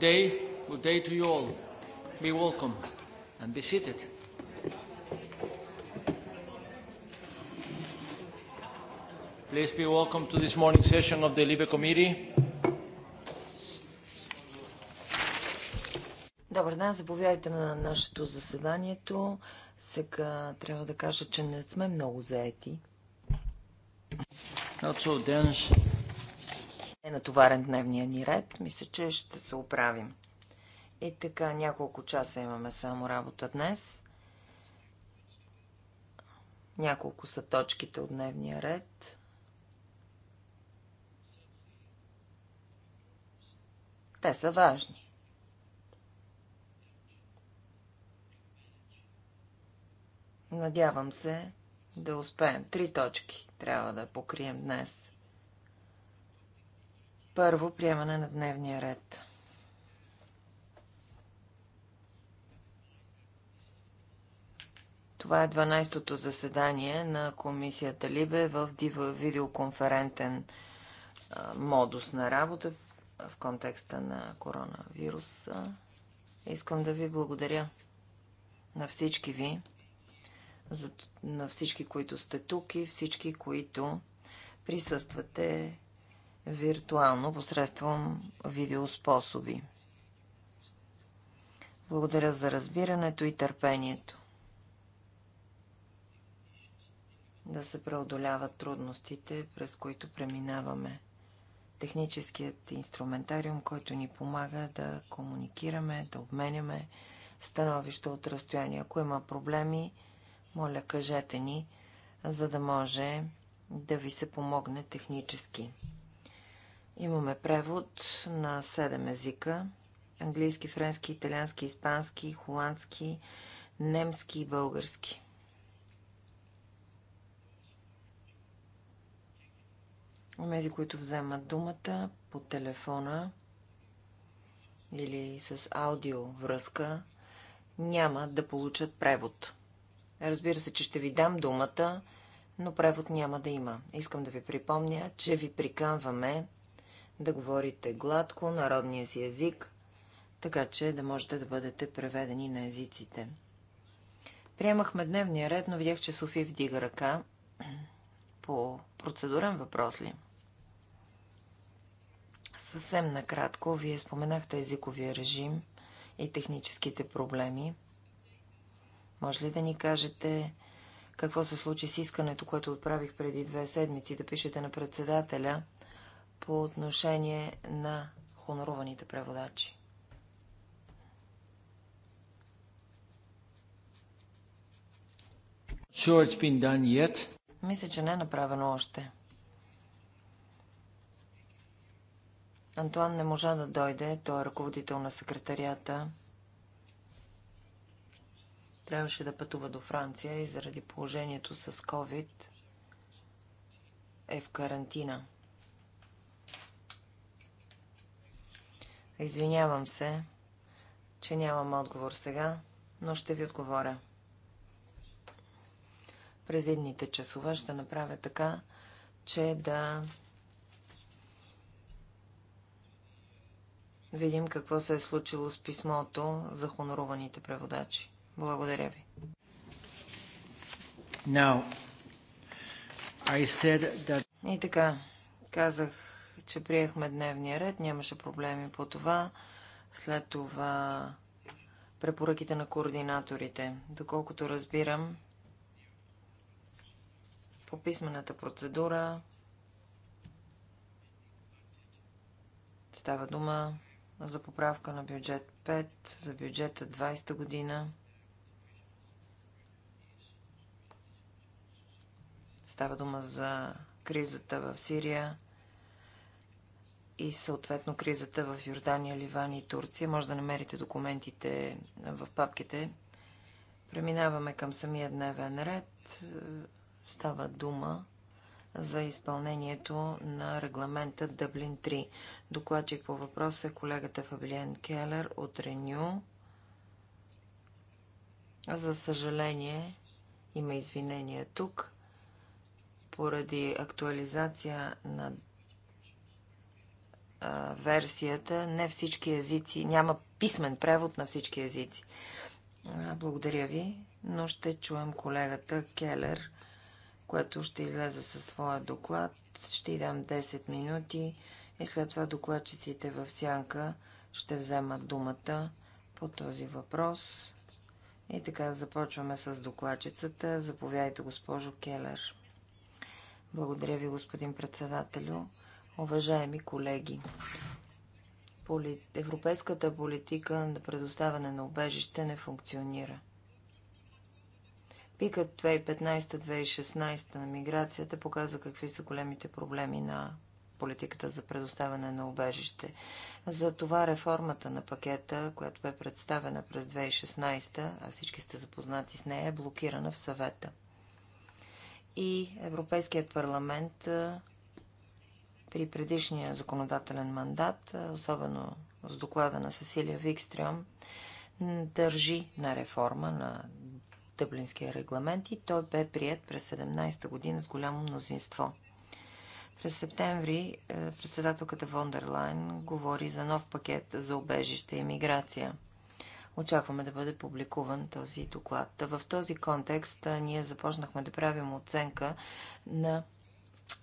day, good day to you all. Be welcome and be seated. Please be welcome to this morning session of the Libe Committee. Добър ден, заповядайте на нашето заседанието. Сега трябва да кажа, че не сме много заети. Not so dense е натоварен дневния ни ред. Мисля, че ще се оправим. И така, няколко часа имаме само работа днес. Няколко са точките от дневния ред. Те са важни. Надявам се да успеем. Три точки трябва да покрием днес. Първо, приемане на дневния ред. Това е 12-то заседание на комисията Либе в видеоконферентен модус на работа в контекста на коронавируса. Искам да ви благодаря на всички ви, на всички, които сте тук и всички, които присъствате виртуално посредством видеоспособи. Благодаря за разбирането и търпението. Да се преодоляват трудностите, през които преминаваме. Техническият инструментариум, който ни помага да комуникираме, да обменяме становища от разстояние. Ако има проблеми, моля, кажете ни, за да може да ви се помогне технически. Имаме превод на 7 езика. Английски, френски, италиански, испански, холандски, немски и български. Онези, които вземат думата по телефона или с аудио връзка, няма да получат превод. Разбира се, че ще ви дам думата, но превод няма да има. Искам да ви припомня, че ви приканваме да говорите гладко, народния си език, така че да можете да бъдете преведени на езиците. Приемахме дневния ред, но видях, че Софи вдига ръка. По процедурен въпрос ли? Съвсем накратко, вие споменахте езиковия режим и техническите проблеми. Може ли да ни кажете какво се случи с искането, което отправих преди две седмици, да пишете на председателя – по отношение на хонорованите преводачи. Sure it's been done yet. Мисля, че не е направено още. Антуан не можа да дойде, той е ръководител на секретарията. Трябваше да пътува до Франция и заради положението с COVID е в карантина. Извинявам се, че нямам отговор сега, но ще ви отговоря. През едните часове ще направя така, че да видим какво се е случило с писмото за хонорованите преводачи. Благодаря ви. Now, I said that... И така, казах че приехме дневния ред, нямаше проблеми по това. След това препоръките на координаторите. Доколкото разбирам, по писмената процедура става дума за поправка на бюджет 5, за бюджета 20 та година. Става дума за кризата в Сирия и съответно кризата в Йордания, Ливан и Турция. Може да намерите документите в папките. Преминаваме към самия дневен ред. Става дума за изпълнението на регламента Дъблин 3. Докладчик по въпроса е колегата Фабиен Келер от Реню. За съжаление, има извинения тук. Поради актуализация на версията не всички езици, няма писмен превод на всички езици. благодаря ви, но ще чуем колегата Келер, което ще излезе със своя доклад. Ще й дам 10 минути и след това докладчиците в сянка ще вземат думата по този въпрос. И така започваме с докладчицата. Заповядайте, госпожо Келер. Благодаря ви, господин председателю. Уважаеми колеги, поли... европейската политика на предоставяне на убежище не функционира. Пикът 2015-2016 на миграцията показа какви са големите проблеми на политиката за предоставяне на убежище. Затова реформата на пакета, която бе представена през 2016, а всички сте запознати с нея, е блокирана в съвета. И Европейският парламент при предишния законодателен мандат, особено с доклада на Сесилия Викстрем, държи на реформа на Дъблинския регламент и той бе прият през 17-та година с голямо мнозинство. През септември е, председателката Вондерлайн говори за нов пакет за обежище и миграция. Очакваме да бъде публикуван този доклад. В този контекст ние започнахме да правим оценка на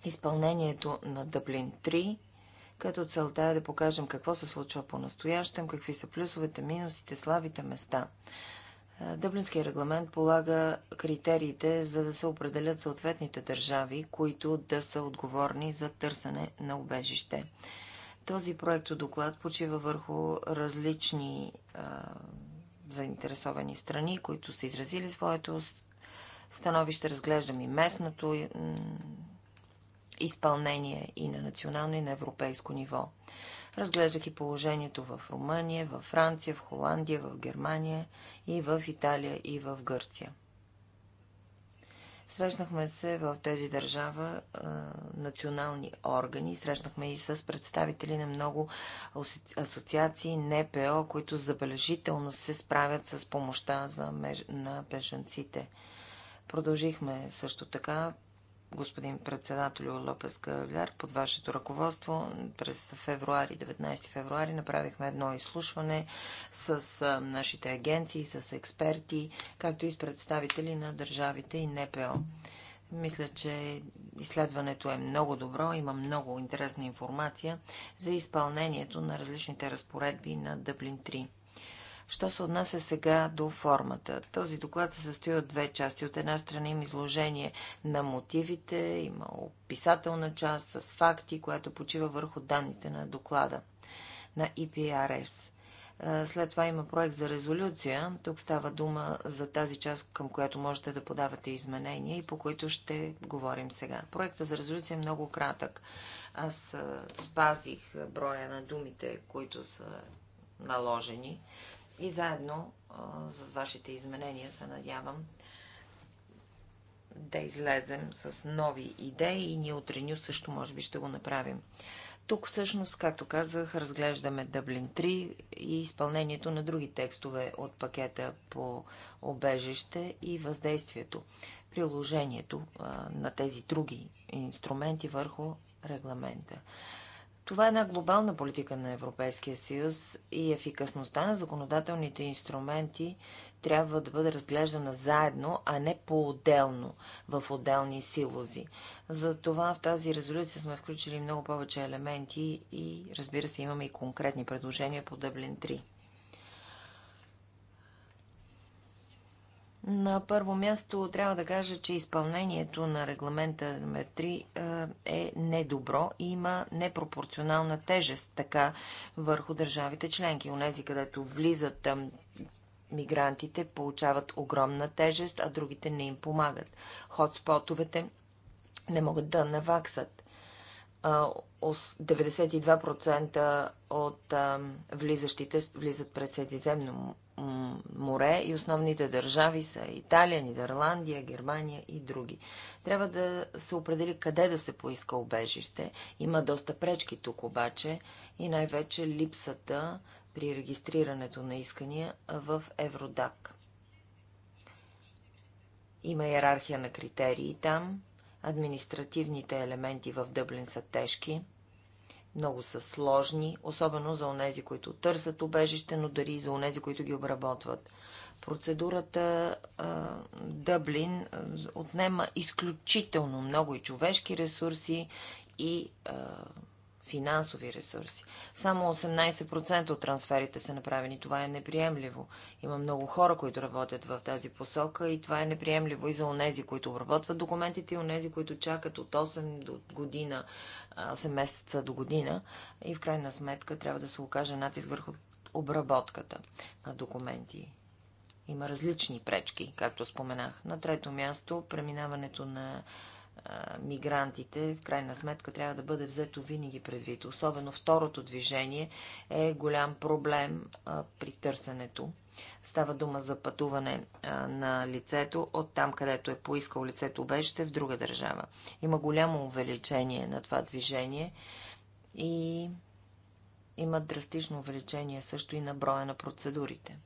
изпълнението на Дъблин 3, като целта е да покажем какво се случва по-настоящем, какви са плюсовете, минусите, слабите места. Е, Дъблинския регламент полага критериите, за да се определят съответните държави, които да са отговорни за търсене на убежище. Този проект доклад почива върху различни а, е, заинтересовани страни, които са изразили своето становище. Разглеждам и местното изпълнение и на национално и на европейско ниво. Разглеждах и положението в Румъния, в Франция, в Холандия, в Германия и в Италия и в Гърция. Срещнахме се в тези държава е, национални органи, срещнахме и с представители на много асоциации, НПО, които забележително се справят с помощта за меж... на бежанците. Продължихме също така господин председател Лопес Гавляр, под вашето ръководство през февруари, 19 февруари, направихме едно изслушване с нашите агенции, с експерти, както и с представители на държавите и НПО. Мисля, че изследването е много добро, има много интересна информация за изпълнението на различните разпоредби на Дъблин 3. Що се отнася сега до формата? Този доклад се състои от две части. От една страна има изложение на мотивите, има описателна част с факти, която почива върху данните на доклада на EPRS. След това има проект за резолюция. Тук става дума за тази част, към която можете да подавате изменения и по които ще говорим сега. Проектът за резолюция е много кратък. Аз спазих броя на думите, които са наложени. И заедно а, с вашите изменения се надявам да излезем с нови идеи и ние от Реню също може би ще го направим. Тук всъщност, както казах, разглеждаме Дъблин 3 и изпълнението на други текстове от пакета по обежище и въздействието, приложението а, на тези други инструменти върху регламента. Това е една глобална политика на Европейския съюз и ефикасността на законодателните инструменти трябва да бъде разглеждана заедно, а не по-отделно в отделни силози. Затова в тази резолюция сме включили много повече елементи и разбира се имаме и конкретни предложения по Дъблин 3. На първо място трябва да кажа, че изпълнението на регламента номер 3 е, е недобро и има непропорционална тежест така върху държавите членки. Унези, където влизат мигрантите, получават огромна тежест, а другите не им помагат. Хотспотовете не могат да наваксат. 92% от влизащите влизат през Средиземно море и основните държави са Италия, Нидерландия, Германия и други. Трябва да се определи къде да се поиска убежище. Има доста пречки тук обаче и най-вече липсата при регистрирането на искания в Евродак. Има иерархия на критерии там, административните елементи в Дъблин са тежки – много са сложни, особено за онези, които търсят убежище, но дари и за онези, които ги обработват. Процедурата а, Дъблин отнема изключително много и човешки ресурси, и а, финансови ресурси. Само 18% от трансферите са направени. Това е неприемливо. Има много хора, които работят в тази посока и това е неприемливо и за онези, които обработват документите и онези, които чакат от 8 до година, 8 месеца до година и в крайна сметка трябва да се окаже натиск върху обработката на документи. Има различни пречки, както споменах. На трето място, преминаването на мигрантите, в крайна сметка трябва да бъде взето винаги предвид. Особено второто движение е голям проблем а, при търсенето. Става дума за пътуване а, на лицето от там, където е поискал лицето обежище в друга държава. Има голямо увеличение на това движение и има драстично увеличение също и на броя на процедурите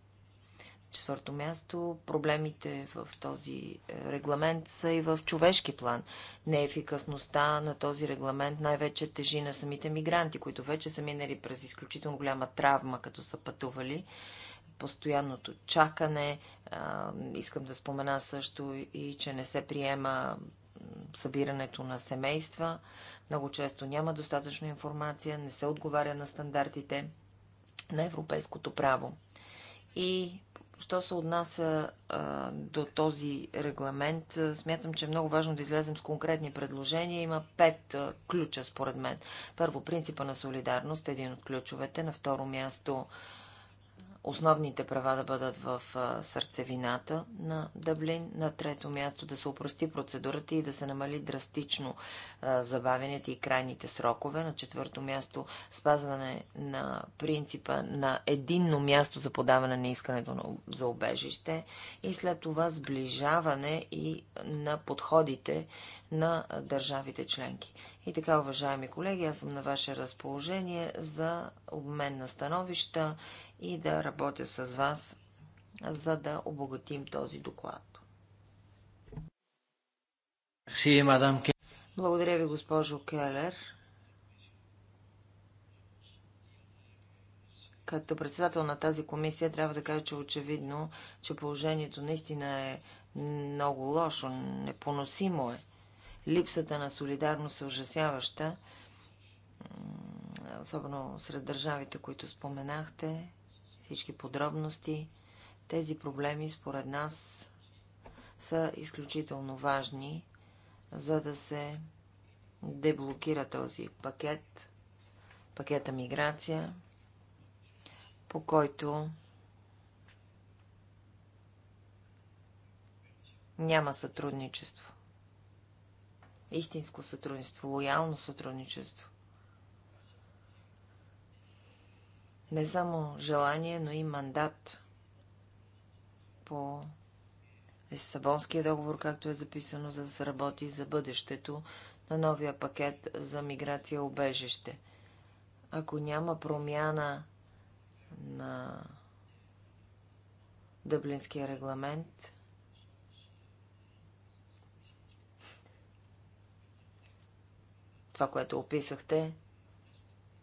четвърто място, проблемите в този е, регламент са и в човешки план. Неефикасността на този регламент най-вече тежи на самите мигранти, които вече са минали през изключително голяма травма, като са пътували. Постоянното чакане. Е, искам да спомена също и, че не се приема събирането на семейства. Много често няма достатъчно информация, не се отговаря на стандартите на европейското право. И Що се отнася а, до този регламент, а, смятам, че е много важно да излезем с конкретни предложения. Има пет а, ключа, според мен. Първо, принципа на солидарност, един от ключовете. На второ място, основните права да бъдат в сърцевината на Дъблин. На трето място да се упрости процедурата и да се намали драстично забавянето и крайните срокове. На четвърто място спазване на принципа на единно място за подаване на искането за обежище и след това сближаване и на подходите на държавите членки. И така, уважаеми колеги, аз съм на ваше разположение за обмен на становища и да работя с вас, за да обогатим този доклад. Благодаря ви, госпожо Келер. Като председател на тази комисия трябва да кажа, че очевидно, че положението наистина е много лошо, непоносимо е. Липсата на солидарност е ужасяваща, особено сред държавите, които споменахте всички подробности. Тези проблеми, според нас, са изключително важни, за да се деблокира този пакет, пакета миграция, по който няма сътрудничество. Истинско сътрудничество, лоялно сътрудничество. не само желание, но и мандат по Лиссабонския договор, както е записано, за да се работи за бъдещето на новия пакет за миграция и убежище. Ако няма промяна на Дъблинския регламент, това, което описахте,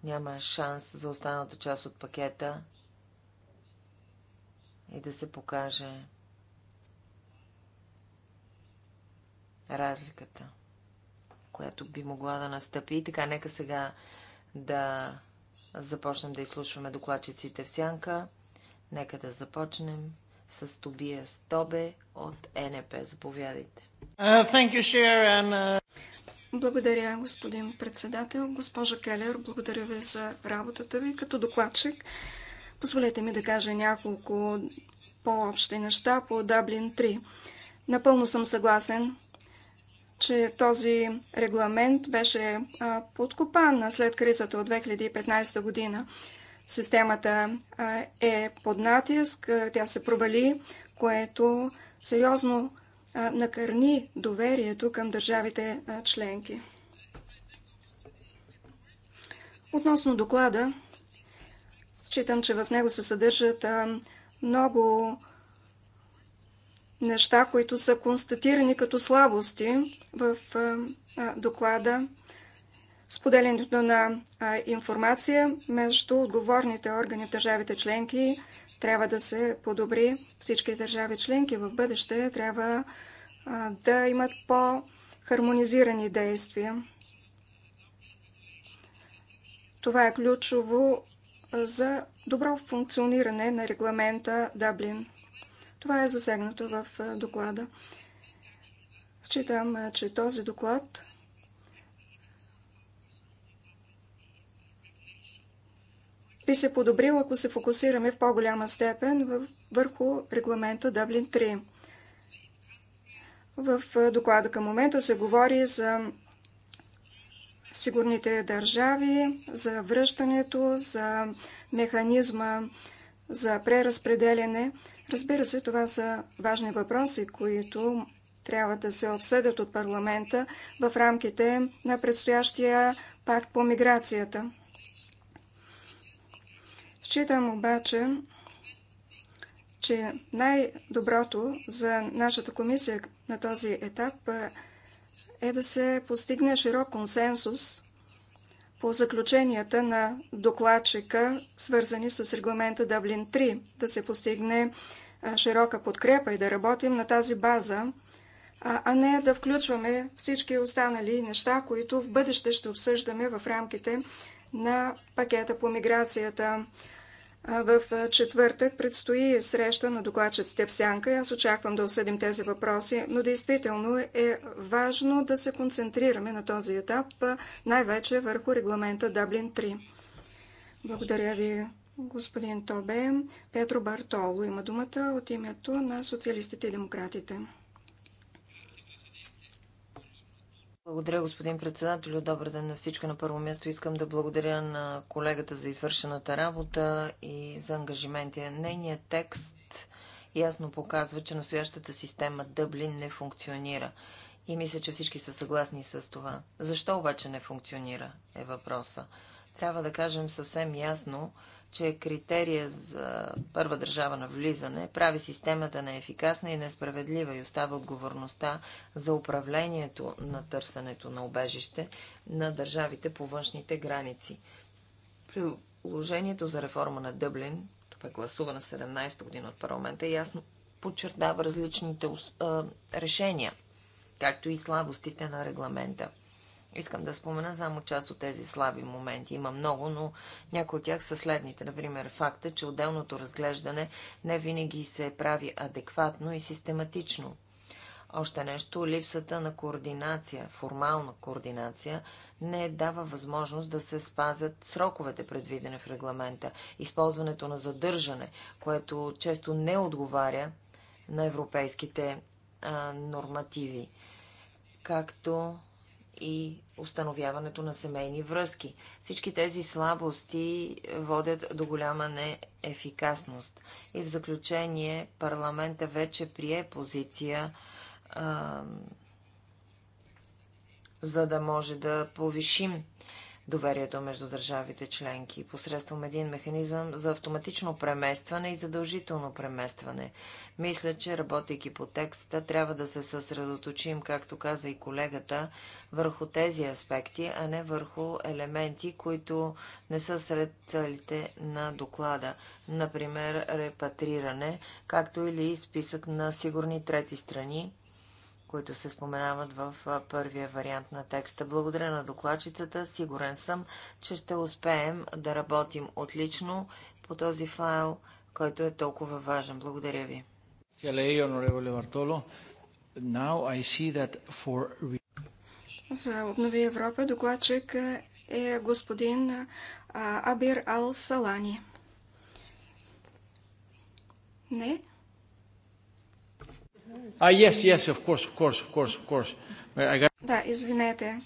няма шанс за останалата част от пакета и да се покаже разликата, която би могла да настъпи. И така, нека сега да започнем да изслушваме докладчиците в сянка. Нека да започнем с Тобия Стобе от НП. Заповядайте. Uh, you, Sharon. Благодаря, господин председател. Госпожа Келер, благодаря ви за работата ви като докладчик. Позволете ми да кажа няколко по-общи неща по Даблин 3. Напълно съм съгласен, че този регламент беше подкопан след кризата от 2015 година. Системата е под натиск, тя се провали, което сериозно накърни доверието към държавите членки. Относно доклада, считам, че в него се съдържат много неща, които са констатирани като слабости в доклада. Споделянето на информация между отговорните органи в държавите членки – трябва да се подобри. Всички държави членки в бъдеще трябва да имат по-хармонизирани действия. Това е ключово за добро функциониране на регламента Даблин. Това е засегнато в доклада. Считам, че този доклад би се подобрил, ако се фокусираме в по-голяма степен върху регламента Дъблин 3. В доклада към момента се говори за сигурните държави, за връщането, за механизма за преразпределяне. Разбира се, това са важни въпроси, които трябва да се обсъдят от парламента в рамките на предстоящия пакт по миграцията. Считам обаче, че най-доброто за нашата комисия на този етап е да се постигне широк консенсус по заключенията на докладчика, свързани с регламента Дъблин 3, да се постигне широка подкрепа и да работим на тази база, а не да включваме всички останали неща, които в бъдеще ще обсъждаме в рамките на пакета по миграцията. В четвъртък предстои среща на докладчиците в Сянка. Аз очаквам да осъдим тези въпроси, но действително е важно да се концентрираме на този етап, най-вече върху регламента Даблин 3. Благодаря ви, господин Тобе. Петро Бартоло има думата от името на социалистите и демократите. Благодаря, господин председател. Добър ден на всички. На първо място искам да благодаря на колегата за извършената работа и за ангажименти. Нейният текст ясно показва, че настоящата система Дъблин не функционира. И мисля, че всички са съгласни с това. Защо обаче не функционира е въпроса. Трябва да кажем съвсем ясно, че критерия за първа държава на влизане прави системата неефикасна и несправедлива и остава отговорността за управлението на търсенето на обежище на държавите по външните граници. Приложението за реформа на Дъблин, това е гласувана 17-та година от парламента, ясно подчертава различните решения, както и слабостите на регламента – Искам да спомена само част от тези слаби моменти. Има много, но някои от тях са следните. Например, факта, че отделното разглеждане не винаги се прави адекватно и систематично. Още нещо, липсата на координация, формална координация, не дава възможност да се спазят сроковете, предвидени в регламента. Използването на задържане, което често не отговаря на европейските а, нормативи, както и установяването на семейни връзки. Всички тези слабости водят до голяма неефикасност. И в заключение парламента вече прие позиция, а, за да може да повишим доверието между държавите членки посредством един механизъм за автоматично преместване и задължително преместване. Мисля, че работейки по текста, трябва да се съсредоточим, както каза и колегата, върху тези аспекти, а не върху елементи, които не са сред целите на доклада. Например, репатриране, както или списък на сигурни трети страни, които се споменават в първия вариант на текста. Благодаря на докладчицата. Сигурен съм, че ще успеем да работим отлично по този файл, който е толкова важен. Благодаря ви. За Обнови Европа докладчик е господин Абир Ал Салани. Не? А, ah, yes, yes, of course, of course, of course, of course. got... Да, извинете.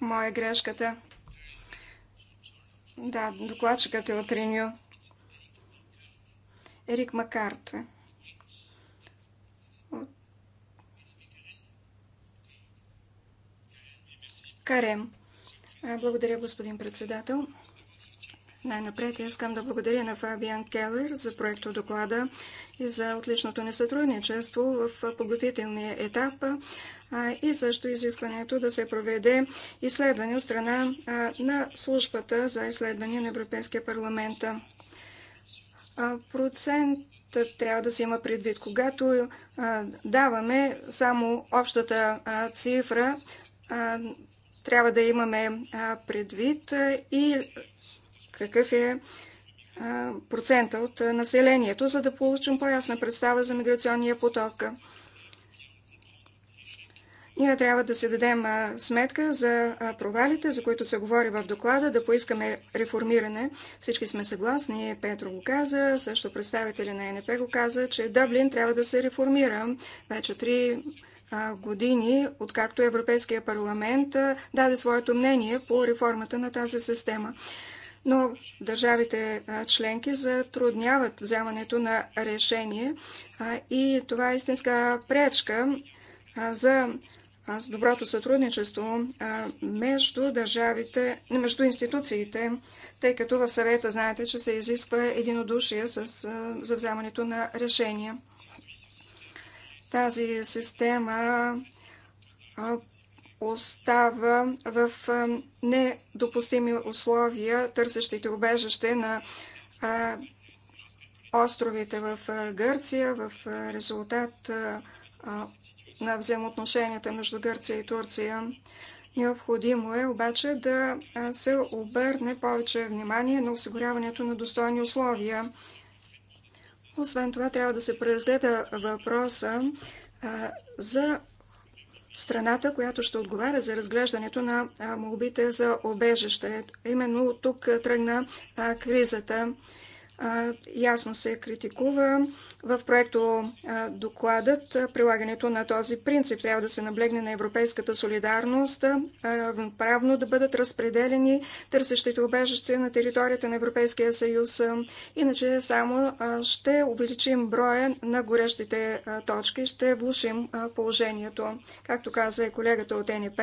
Моя грешката. Да, докладчикът е от Реню. Ерик Макарто. Е. Карем. Благодаря, господин председател. Най-напред искам да благодаря на Фабиан Келер за проекто доклада и за отличното ни сътрудничество в подготвителния етап и също изискването да се проведе изследване от страна на службата за изследване на Европейския парламент. Процент трябва да се има предвид. Когато даваме само общата цифра, трябва да имаме предвид и какъв е процента от населението, за да получим по-ясна представа за миграционния поток. Ние трябва да се дадем сметка за провалите, за които се говори в доклада, да поискаме реформиране. Всички сме съгласни, Петро го каза, също представители на ЕНП го каза, че Дъблин трябва да се реформира. Вече три години, откакто Европейския парламент даде своето мнение по реформата на тази система но държавите членки затрудняват вземането на решение и това е истинска пречка за доброто сътрудничество между държавите, между институциите, тъй като в съвета знаете, че се изисква единодушие с, за вземането на решения. Тази система остава в недопустими условия търсещите обежище на островите в Гърция в резултат на взаимоотношенията между Гърция и Турция. Необходимо е обаче да се обърне повече внимание на осигуряването на достойни условия. Освен това, трябва да се преразгледа въпроса за страната, която ще отговаря за разглеждането на молбите за обежище. Именно тук тръгна кризата ясно се критикува в проекто докладът прилагането на този принцип. Трябва да се наблегне на европейската солидарност, равноправно да бъдат разпределени търсещите убежище на територията на Европейския съюз. Иначе само ще увеличим броя на горещите точки, ще влушим положението. Както каза и колегата от НП,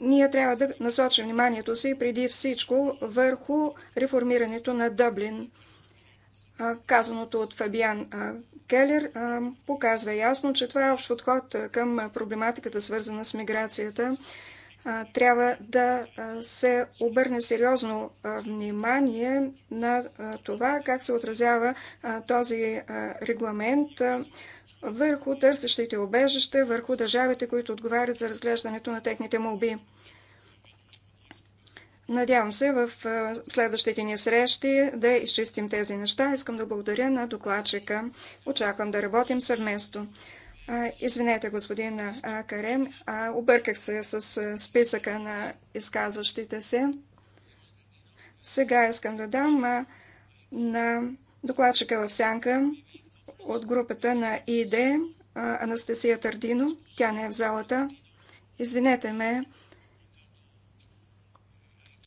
ние трябва да насочим вниманието си преди всичко върху реформирането на Дъблин. Казаното от Фабиан Келер показва ясно, че това е общ подход към проблематиката, свързана с миграцията. Трябва да се обърне сериозно внимание на това как се отразява този регламент върху търсещите убежище, върху държавите, които отговарят за разглеждането на техните молби. Надявам се в следващите ни срещи да изчистим тези неща. Искам да благодаря на докладчика. Очаквам да работим съвместно. Извинете, господин Карем, обърках се с списъка на изказващите се. Сега искам да дам на докладчика в сянка от групата на ИД, Анастасия Тардино. Тя не е в залата. Извинете ме.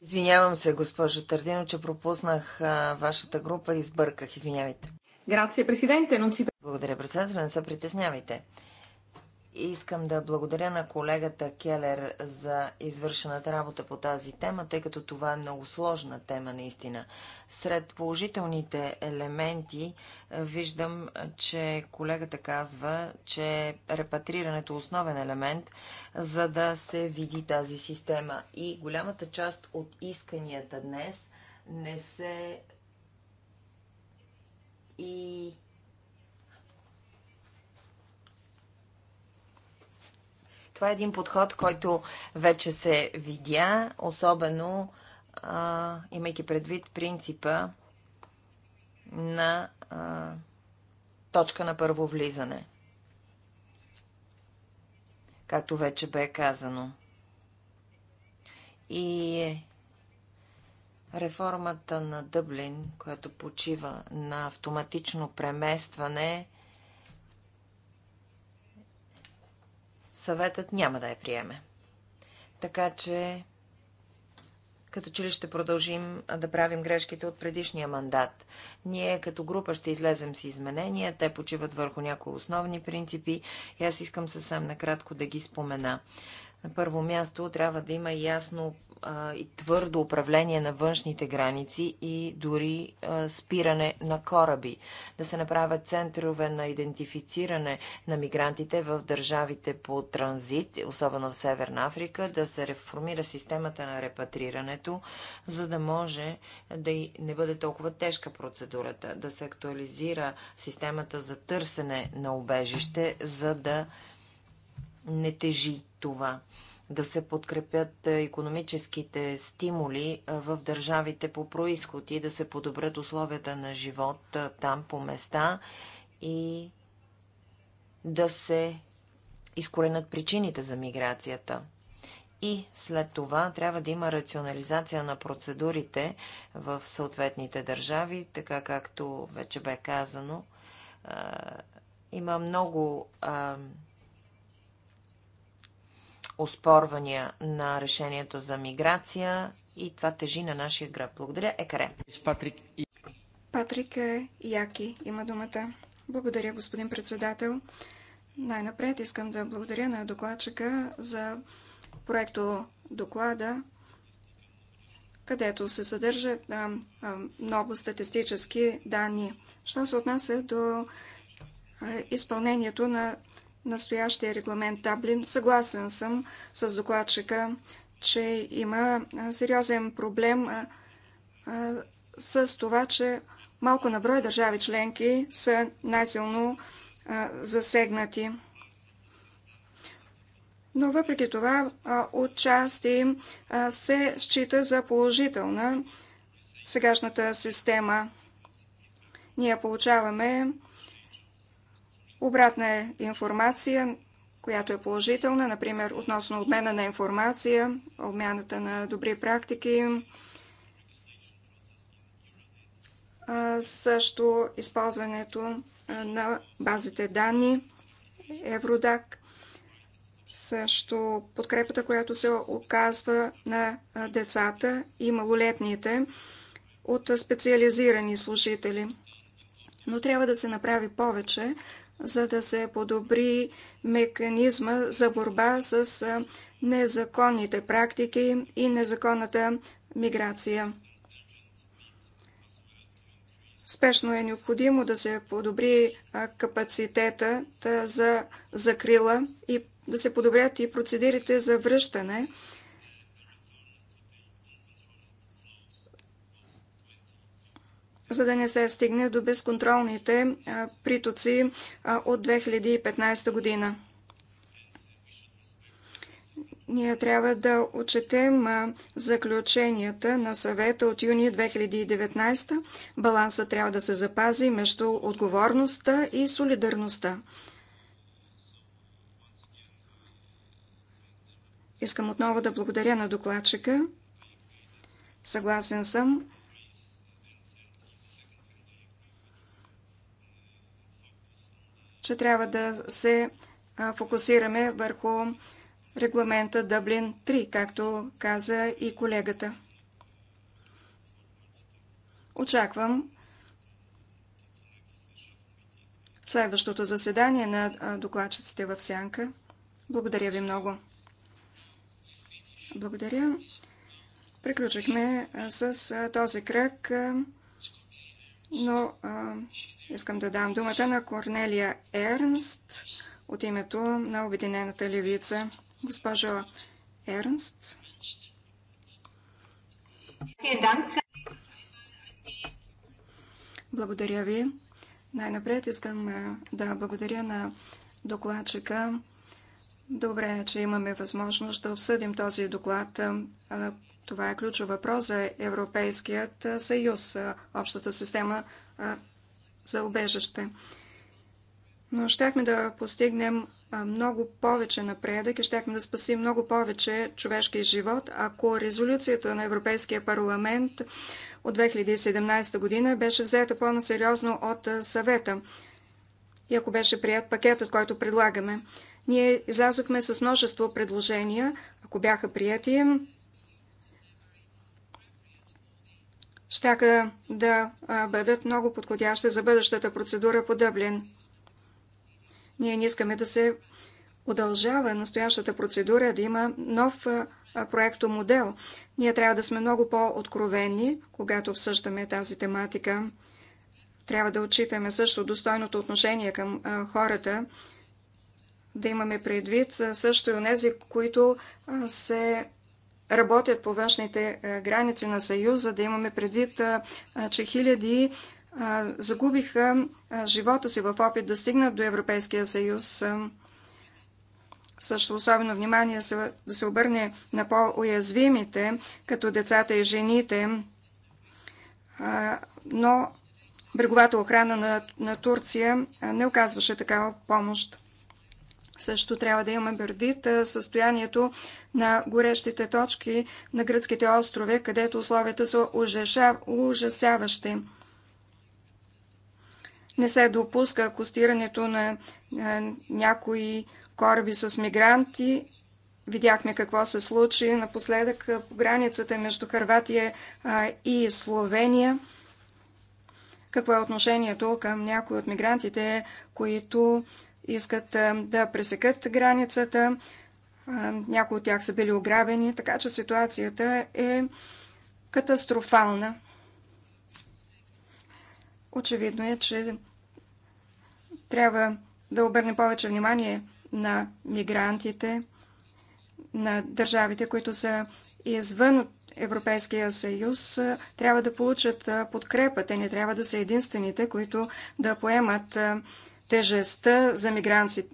Извинявам се, госпожо Тардино, че пропуснах а, вашата група и сбърках. Извинявайте. Грация, президенте. Благодаря, председател. Не се притеснявайте. Искам да благодаря на колегата Келер за извършената работа по тази тема, тъй като това е много сложна тема наистина. Сред положителните елементи е, виждам, че колегата казва, че репатрирането е основен елемент, за да се види тази система. И голямата част от исканията днес не се и Това е един подход, който вече се видя, особено а, имайки предвид принципа на а, точка на първо влизане. Както вече бе казано. И реформата на Дъблин, която почива на автоматично преместване съветът няма да я приеме. Така че, като че ли ще продължим да правим грешките от предишния мандат. Ние като група ще излезем с изменения, те почиват върху някои основни принципи и аз искам съвсем накратко да ги спомена. На първо място трябва да има ясно а, и твърдо управление на външните граници и дори а, спиране на кораби. Да се направят центрове на идентифициране на мигрантите в държавите по транзит, особено в Северна Африка, да се реформира системата на репатрирането, за да може да и не бъде толкова тежка процедурата, да се актуализира системата за търсене на убежище, за да не тежи това. Да се подкрепят економическите стимули е, в държавите по происход и да се подобрят условията на живот е, там по места и да се изкоренят причините за миграцията. И след това трябва да има рационализация на процедурите в съответните държави, така както вече бе казано. Е, има много оспорвания на решението за миграция и това тежи на нашия гръб. Благодаря. Екаре. Патрик е Яки има думата. Благодаря, господин председател. Най-напред искам да благодаря на докладчика за проекто доклада, където се съдържат а, а, много статистически данни. Що се отнася до а, изпълнението на настоящия регламент Таблин. Съгласен съм с докладчика, че има сериозен проблем с това, че малко на брой държави членки са най-силно засегнати. Но въпреки това отчасти се счита за положителна сегашната система. Ние получаваме Обратна е информация, която е положителна, например, относно обмена на информация, обмяната на добри практики, също използването на базите данни, Евродак, също подкрепата, която се оказва на децата и малолетните от специализирани служители. Но трябва да се направи повече, за да се подобри механизма за борба с незаконните практики и незаконната миграция. Спешно е необходимо да се подобри капацитета за закрила и да се подобрят и процедурите за връщане за да не се стигне до безконтролните притоци от 2015 година. Ние трябва да отчетем заключенията на съвета от юни 2019. Баланса трябва да се запази между отговорността и солидарността. Искам отново да благодаря на докладчика. Съгласен съм че трябва да се фокусираме върху регламента Дъблин 3, както каза и колегата. Очаквам следващото заседание на докладчиците в Сянка. Благодаря ви много. Благодаря. Приключихме с този кръг но а, искам да дам думата на Корнелия Ернст от името на Обединената левица. Госпожо Ернст. Благодаря ви. Най-напред искам да благодаря на докладчика. Добре е, че имаме възможност да обсъдим този доклад. Това е ключов въпрос за Европейският съюз, общата система за убежище. Но щяхме да постигнем много повече напредък и щяхме да спасим много повече човешки живот, ако резолюцията на Европейския парламент от 2017 година беше взета по-насериозно от съвета и ако беше прият пакетът, който предлагаме. Ние излязохме с множество предложения, ако бяха прияти, щяха да бъдат много подходящи за бъдещата процедура по Дъблин. Ние не искаме да се удължава настоящата процедура, да има нов проекто модел. Ние трябва да сме много по-откровени, когато обсъждаме тази тематика. Трябва да отчитаме също достойното отношение към хората, да имаме предвид също и онези, които се работят по външните е, граници на Съюза, да имаме предвид, е, е, че хиляди загубиха живота си в опит да стигнат до Европейския съюз. Също особено внимание да се обърне на по-уязвимите, като децата и жените, но бреговата охрана на, на Турция не оказваше такава помощ. Също трябва да имаме предвид състоянието на горещите точки на гръцките острови, където условията са ужасяващи. Не се допуска костирането на някои кораби с мигранти. Видяхме какво се случи напоследък по границата между Харватия и Словения. Какво е отношението към някои от мигрантите, които искат да пресекат границата. Някои от тях са били ограбени, така че ситуацията е катастрофална. Очевидно е, че трябва да обърнем повече внимание на мигрантите, на държавите, които са извън Европейския съюз, трябва да получат подкрепа. Те не трябва да са единствените, които да поемат тежестта за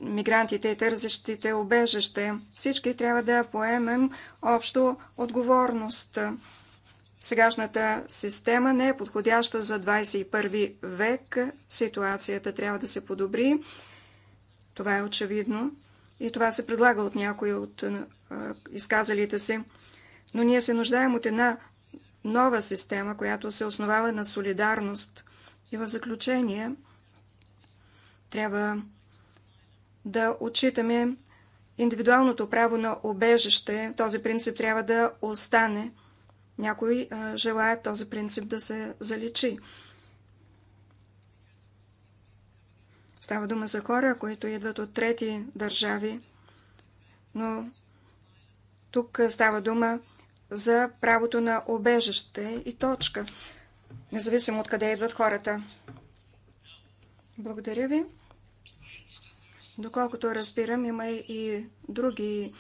мигрантите и търсещите обежище. Всички трябва да поемем общо отговорност. Сегашната система не е подходяща за 21 век. Ситуацията трябва да се подобри. Това е очевидно. И това се предлага от някои от а, изказалите се. Но ние се нуждаем от една нова система, която се основава на солидарност. И в заключение – трябва да отчитаме индивидуалното право на обежище. Този принцип трябва да остане. Някой желая този принцип да се заличи. Става дума за хора, които идват от трети държави, но тук става дума за правото на обежище и точка, независимо от къде идват хората. Благодаря ви. Доколкото разбирам, има и други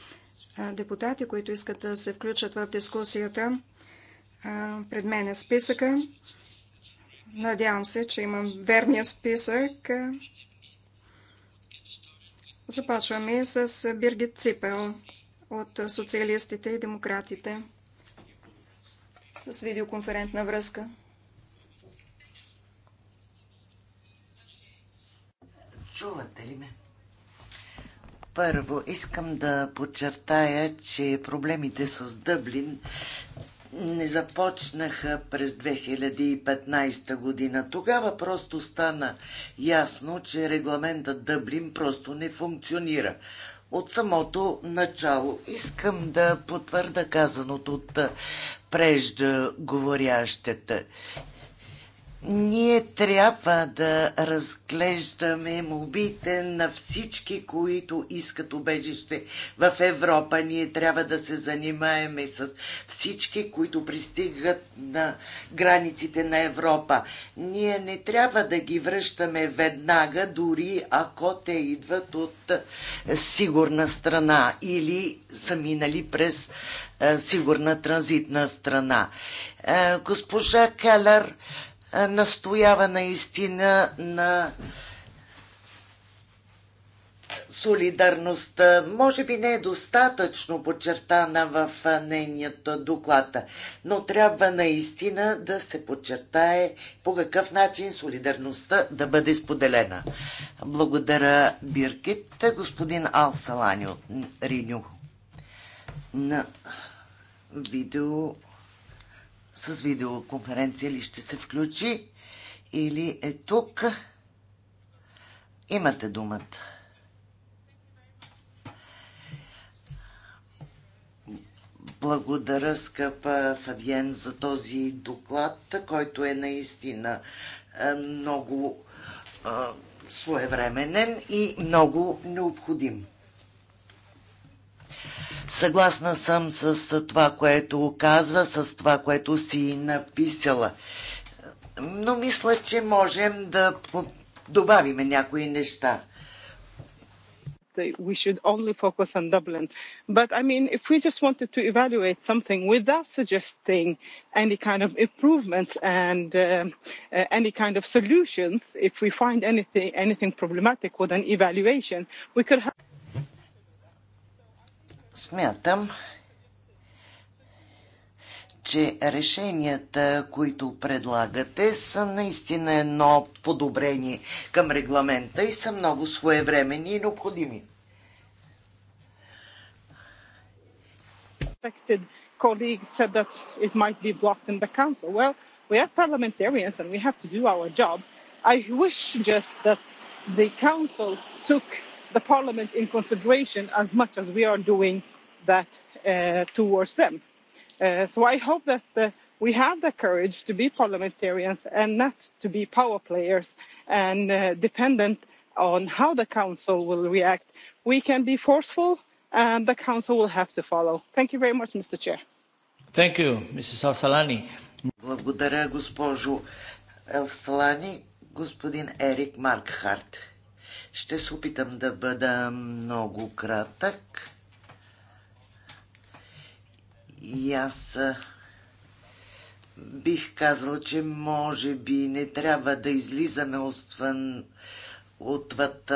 депутати, които искат да се включат в дискусията. Пред мен е списъка. Надявам се, че имам верния списък. Започваме с Биргит Ципел от социалистите и демократите с видеоконферентна връзка. Чувате ли ме? Първо, искам да подчертая, че проблемите с Дъблин не започнаха през 2015 година. Тогава просто стана ясно, че регламентът Дъблин просто не функционира. От самото начало искам да потвърда казаното от преждоговорящата ние трябва да разглеждаме молбите на всички, които искат убежище в Европа. Ние трябва да се занимаваме с всички, които пристигат на границите на Европа. Ние не трябва да ги връщаме веднага, дори ако те идват от е, сигурна страна или са минали през е, сигурна транзитна страна. Е, госпожа Келър настоява наистина на солидарността. Може би не е достатъчно подчертана в нейният доклад, но трябва наистина да се подчертае по какъв начин солидарността да бъде споделена. Благодаря Биркит, господин Ал от Риню на видео с видеоконференция ли ще се включи или е тук. Имате думата. Благодаря, скъпа Фабиен, за този доклад, който е наистина е, много е, своевременен и много необходим. Съгласна съм с това, което каза, с това, което си написала. Но мисля, че можем да добавим някои неща we should only focus on Dublin. But I mean, if we just wanted to evaluate something without suggesting any kind of improvements and uh, uh, any kind of solutions, if we find anything anything problematic with an evaluation, we could have. Смятам, че решенията, които предлагате, са наистина едно подобрение към регламента и са много своевремени и необходими. colleagues said that it might be blocked in the council. Well, we are parliamentarians and we have to do our job. I wish just that the council took the parliament in consideration as much as we are doing that uh, towards them. Uh, so I hope that uh, we have the courage to be parliamentarians and not to be power players and uh, dependent on how the council will react. We can be forceful and the council will have to follow. Thank you very much, Mr. Chair. Thank you, Mrs. Al-Salani. Благодаря, госпожо Елсалани, господин Ерик Маркхарт. Ще се опитам да бъда много кратък. И аз бих казал, че може би не трябва да излизаме отвън отвъд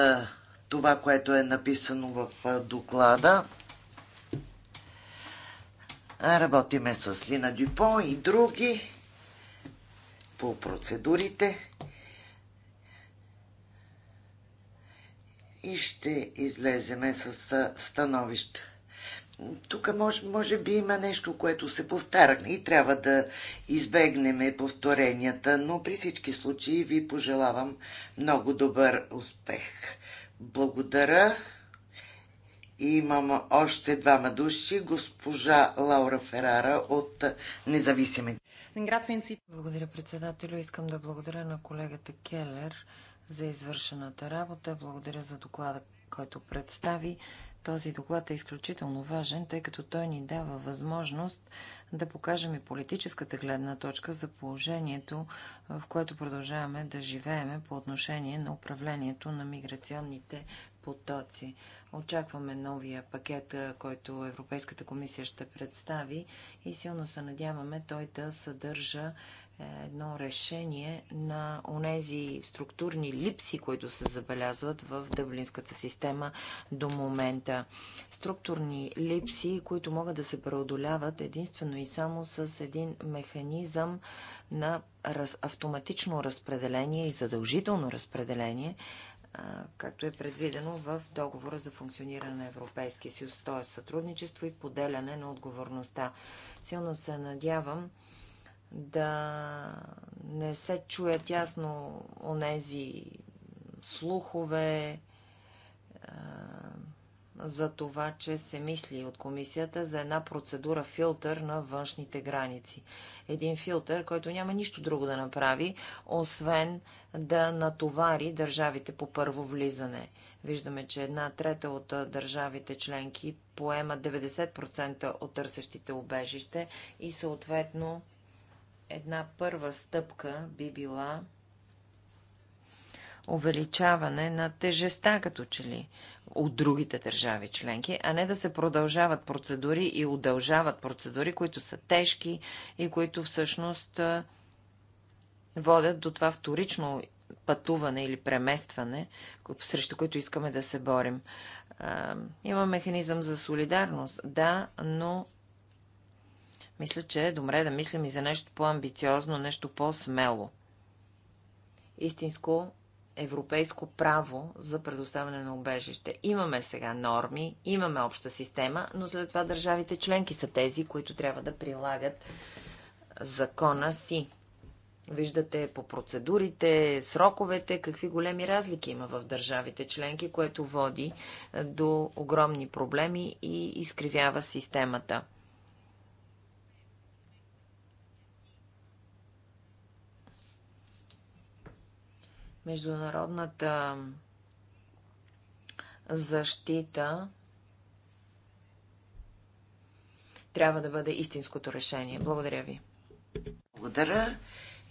това, което е написано в доклада. Работиме с Лина Дюпон и други по процедурите. и ще излеземе с становище. Тук може, може би има нещо, което се повтаря и трябва да избегнем повторенията, но при всички случаи ви пожелавам много добър успех. Благодаря. Имам още двама души. Госпожа Лаура Ферара от Независимите. Благодаря, председателю. Искам да благодаря на колегата Келер за извършената работа. Благодаря за доклада, който представи. Този доклад е изключително важен, тъй като той ни дава възможност да покажем и политическата гледна точка за положението, в което продължаваме да живееме по отношение на управлението на миграционните потоци. Очакваме новия пакет, който Европейската комисия ще представи и силно се надяваме той да съдържа едно решение на онези структурни липси, които се забелязват в дъблинската система до момента. Структурни липси, които могат да се преодоляват единствено и само с един механизъм на раз, автоматично разпределение и задължително разпределение, както е предвидено в договора за функциониране на Европейския съюз, т.е. сътрудничество и поделяне на отговорността. Силно се надявам, да не се чуят ясно онези слухове а, за това, че се мисли от комисията за една процедура филтър на външните граници. Един филтър, който няма нищо друго да направи, освен да натовари държавите по първо влизане. Виждаме, че една трета от държавите членки поема 90% от търсещите обежище и съответно една първа стъпка би била увеличаване на тежеста, като че ли, от другите държави членки, а не да се продължават процедури и удължават процедури, които са тежки и които всъщност водят до това вторично пътуване или преместване, срещу което искаме да се борим. Има механизъм за солидарност, да, но мисля, че е добре да мислим и за нещо по-амбициозно, нещо по-смело. Истинско европейско право за предоставяне на убежище. Имаме сега норми, имаме обща система, но след това държавите членки са тези, които трябва да прилагат закона си. Виждате по процедурите, сроковете, какви големи разлики има в държавите членки, което води до огромни проблеми и изкривява системата. Международната защита трябва да бъде истинското решение. Благодаря ви. Благодаря.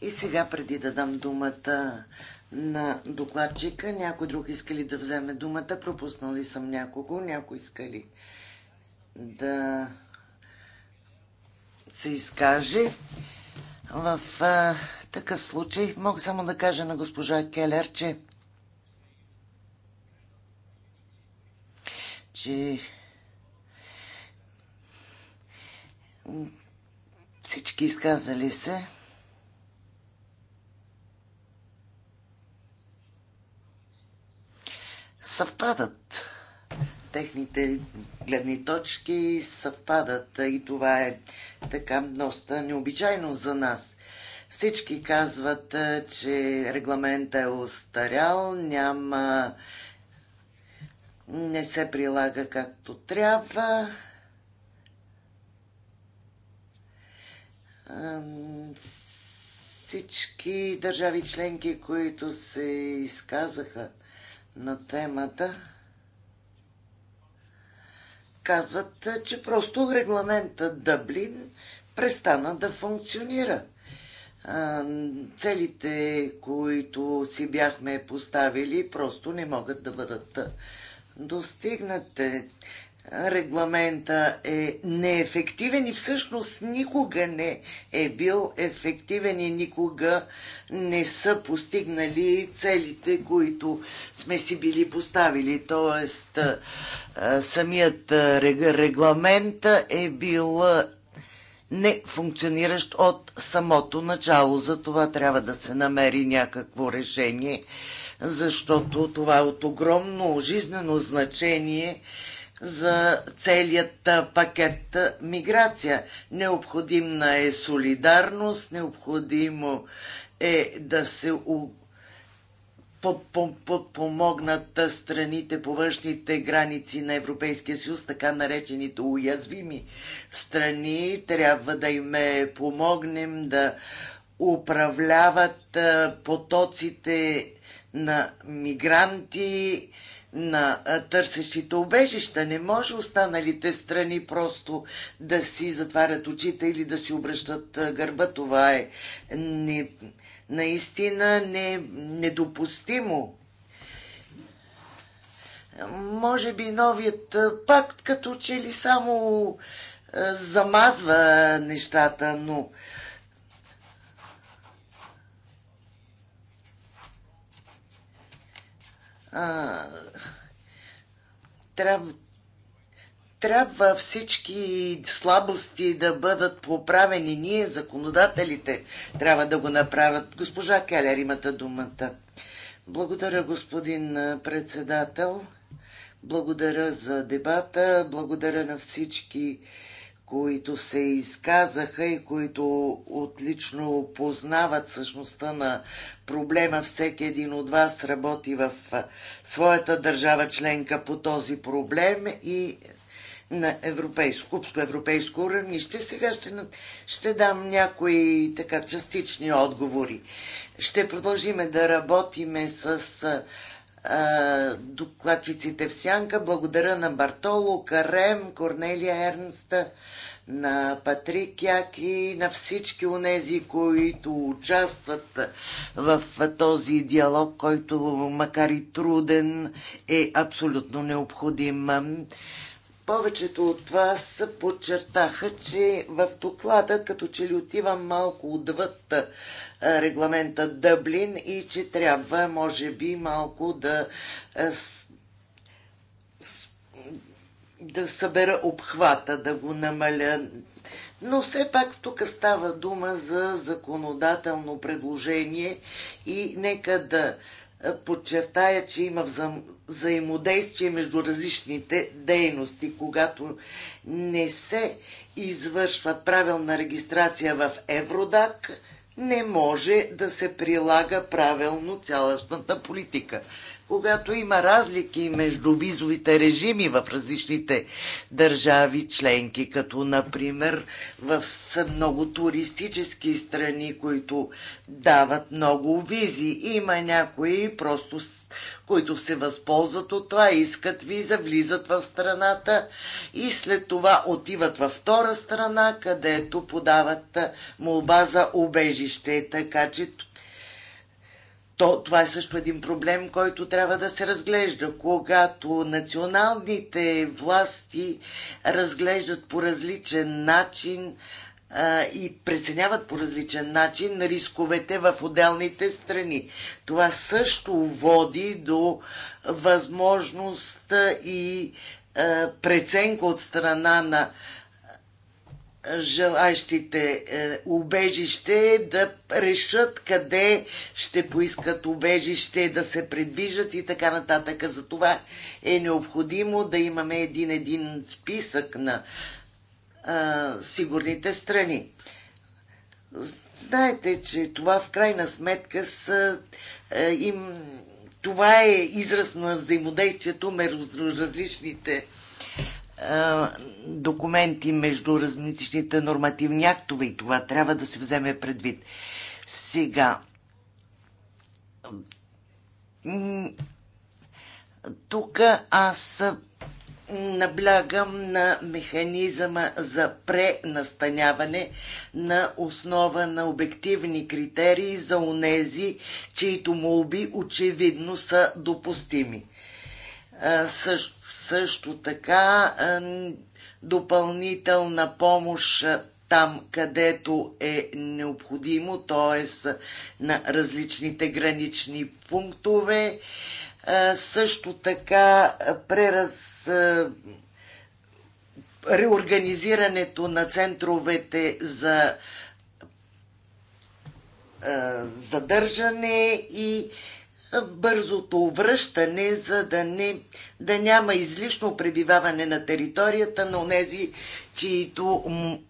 И сега, преди да дам думата на докладчика, някой друг иска ли да вземе думата? Пропуснали съм някого. Някой иска ли да се изкаже? В такъв случай мога само да кажа на госпожа Келер, че че всички изказали се съвпадат техните гледни точки съвпадат и това е така доста необичайно за нас. Всички казват, че регламентът е устарял, няма не се прилага както трябва. Всички държави членки, които се изказаха на темата, казват, че просто регламентът Дъблин престана да функционира целите, които си бяхме поставили, просто не могат да бъдат достигнати. Регламента е неефективен и всъщност никога не е бил ефективен и никога не са постигнали целите, които сме си били поставили. Тоест, самият регламент е бил не функциониращ от самото начало. За това трябва да се намери някакво решение, защото това е от огромно жизнено значение за целият пакет миграция. Необходимна е солидарност, необходимо е да се подпомогнат страните по външните граници на Европейския съюз, така наречените уязвими страни. Трябва да им е помогнем да управляват потоците на мигранти, на търсещите убежища. Не може останалите страни просто да си затварят очите или да си обръщат гърба. Това е не, наистина не, недопустимо. Може би новият пакт като че ли само замазва нещата, но а, трябва, трябва всички слабости да бъдат поправени. Ние, законодателите, трябва да го направят. Госпожа Келер, имате думата. Благодаря, господин председател. Благодаря за дебата. Благодаря на всички, които се изказаха и които отлично познават същността на проблема. Всеки един от вас работи в своята държава членка по този проблем и на европейско, общо европейско равнище. Сега ще, ще дам някои така частични отговори. Ще продължиме да работиме с а, докладчиците в Сянка. Благодаря на Бартоло, Карем, Корнелия Ернста, на Патрик Як и на всички онези, които участват в този диалог, който макар и труден е абсолютно необходим повечето от вас подчертаха, че в доклада като че ли отива малко отвъд регламента Дъблин и че трябва, може би, малко да да събера обхвата, да го намаля. Но все пак тук става дума за законодателно предложение и нека да е, подчертая, че има взаимодействие между различните дейности, когато не се извършва правилна регистрация в Евродак, не може да се прилага правилно цялостната политика когато има разлики между визовите режими в различните държави членки, като например в много туристически страни, които дават много визи. Има някои просто, които се възползват от това, искат виза, влизат в страната и след това отиват във втора страна, където подават молба за убежище. Така че то, това е също един проблем, който трябва да се разглежда. Когато националните власти разглеждат по различен начин а, и преценяват по различен начин рисковете в отделните страни. Това също води до възможност и а, преценка от страна на желащите е, убежище да решат къде ще поискат убежище, да се предвижат и така нататък. За това е необходимо да имаме един един списък на е, сигурните страни. Знаете, че това в крайна сметка са, е, им, това е израз на взаимодействието между различните документи между различните нормативни актове и това трябва да се вземе предвид. Сега, тук аз наблягам на механизъма за пренастаняване на основа на обективни критерии за онези, чието молби очевидно са допустими също, също така допълнителна помощ там, където е необходимо, т.е. на различните гранични пунктове. Също така прераз... реорганизирането на центровете за задържане и бързото връщане, за да, не, да няма излишно пребиваване на територията на онези, чието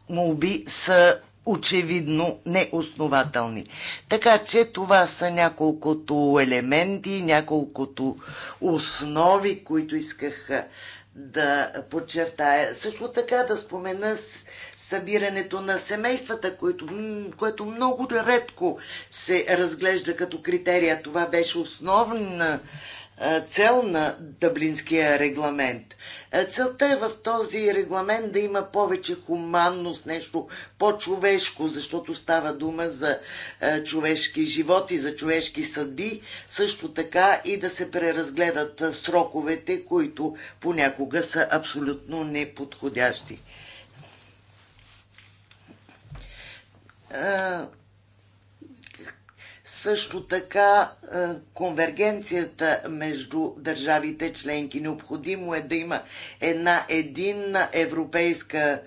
молби са очевидно неоснователни. Така че това са няколкото елементи, няколкото основи, които исках да подчертая. Също така да спомена събирането на семействата, което, което много редко се разглежда като критерия. Това беше основна цел на Дъблинския регламент. Целта е в този регламент да има повече хуманност, нещо по-човешко, защото става дума за човешки животи, за човешки съди, също така и да се преразгледат сроковете, които понякога са абсолютно неподходящи също така е, конвергенцията между държавите членки. Необходимо е да има една единна европейска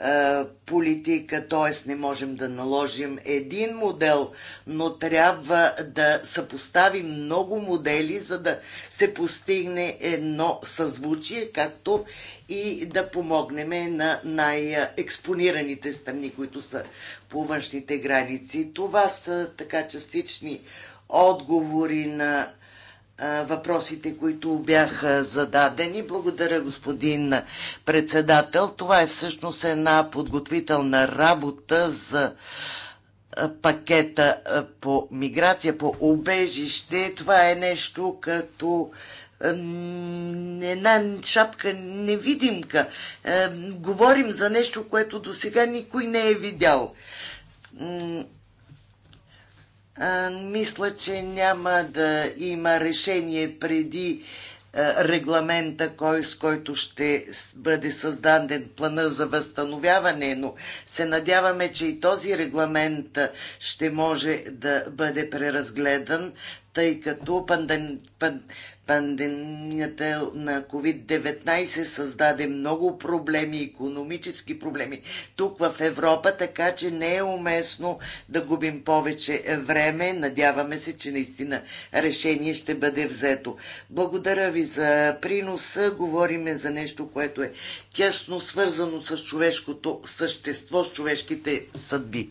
е, политика, т.е. не можем да наложим един модел, но трябва да съпоставим много модели, за да се постигне едно съзвучие, както и да помогнем на най-експонираните страни, които са по външните граници. Това са така частични отговори на въпросите, които бяха зададени. Благодаря, господин председател. Това е всъщност една подготвителна работа за пакета по миграция, по обежище. Това е нещо като една шапка невидимка. Говорим за нещо, което до сега никой не е видял мисля, че няма да има решение преди регламента, кой, с който ще бъде създаден плана за възстановяване, но се надяваме, че и този регламент ще може да бъде преразгледан, тъй като пан... Пандемията на COVID-19 създаде много проблеми, економически проблеми тук в Европа, така че не е уместно да губим повече време. Надяваме се, че наистина решение ще бъде взето. Благодаря ви за приноса. Говориме за нещо, което е тясно свързано с човешкото същество, с човешките съдби.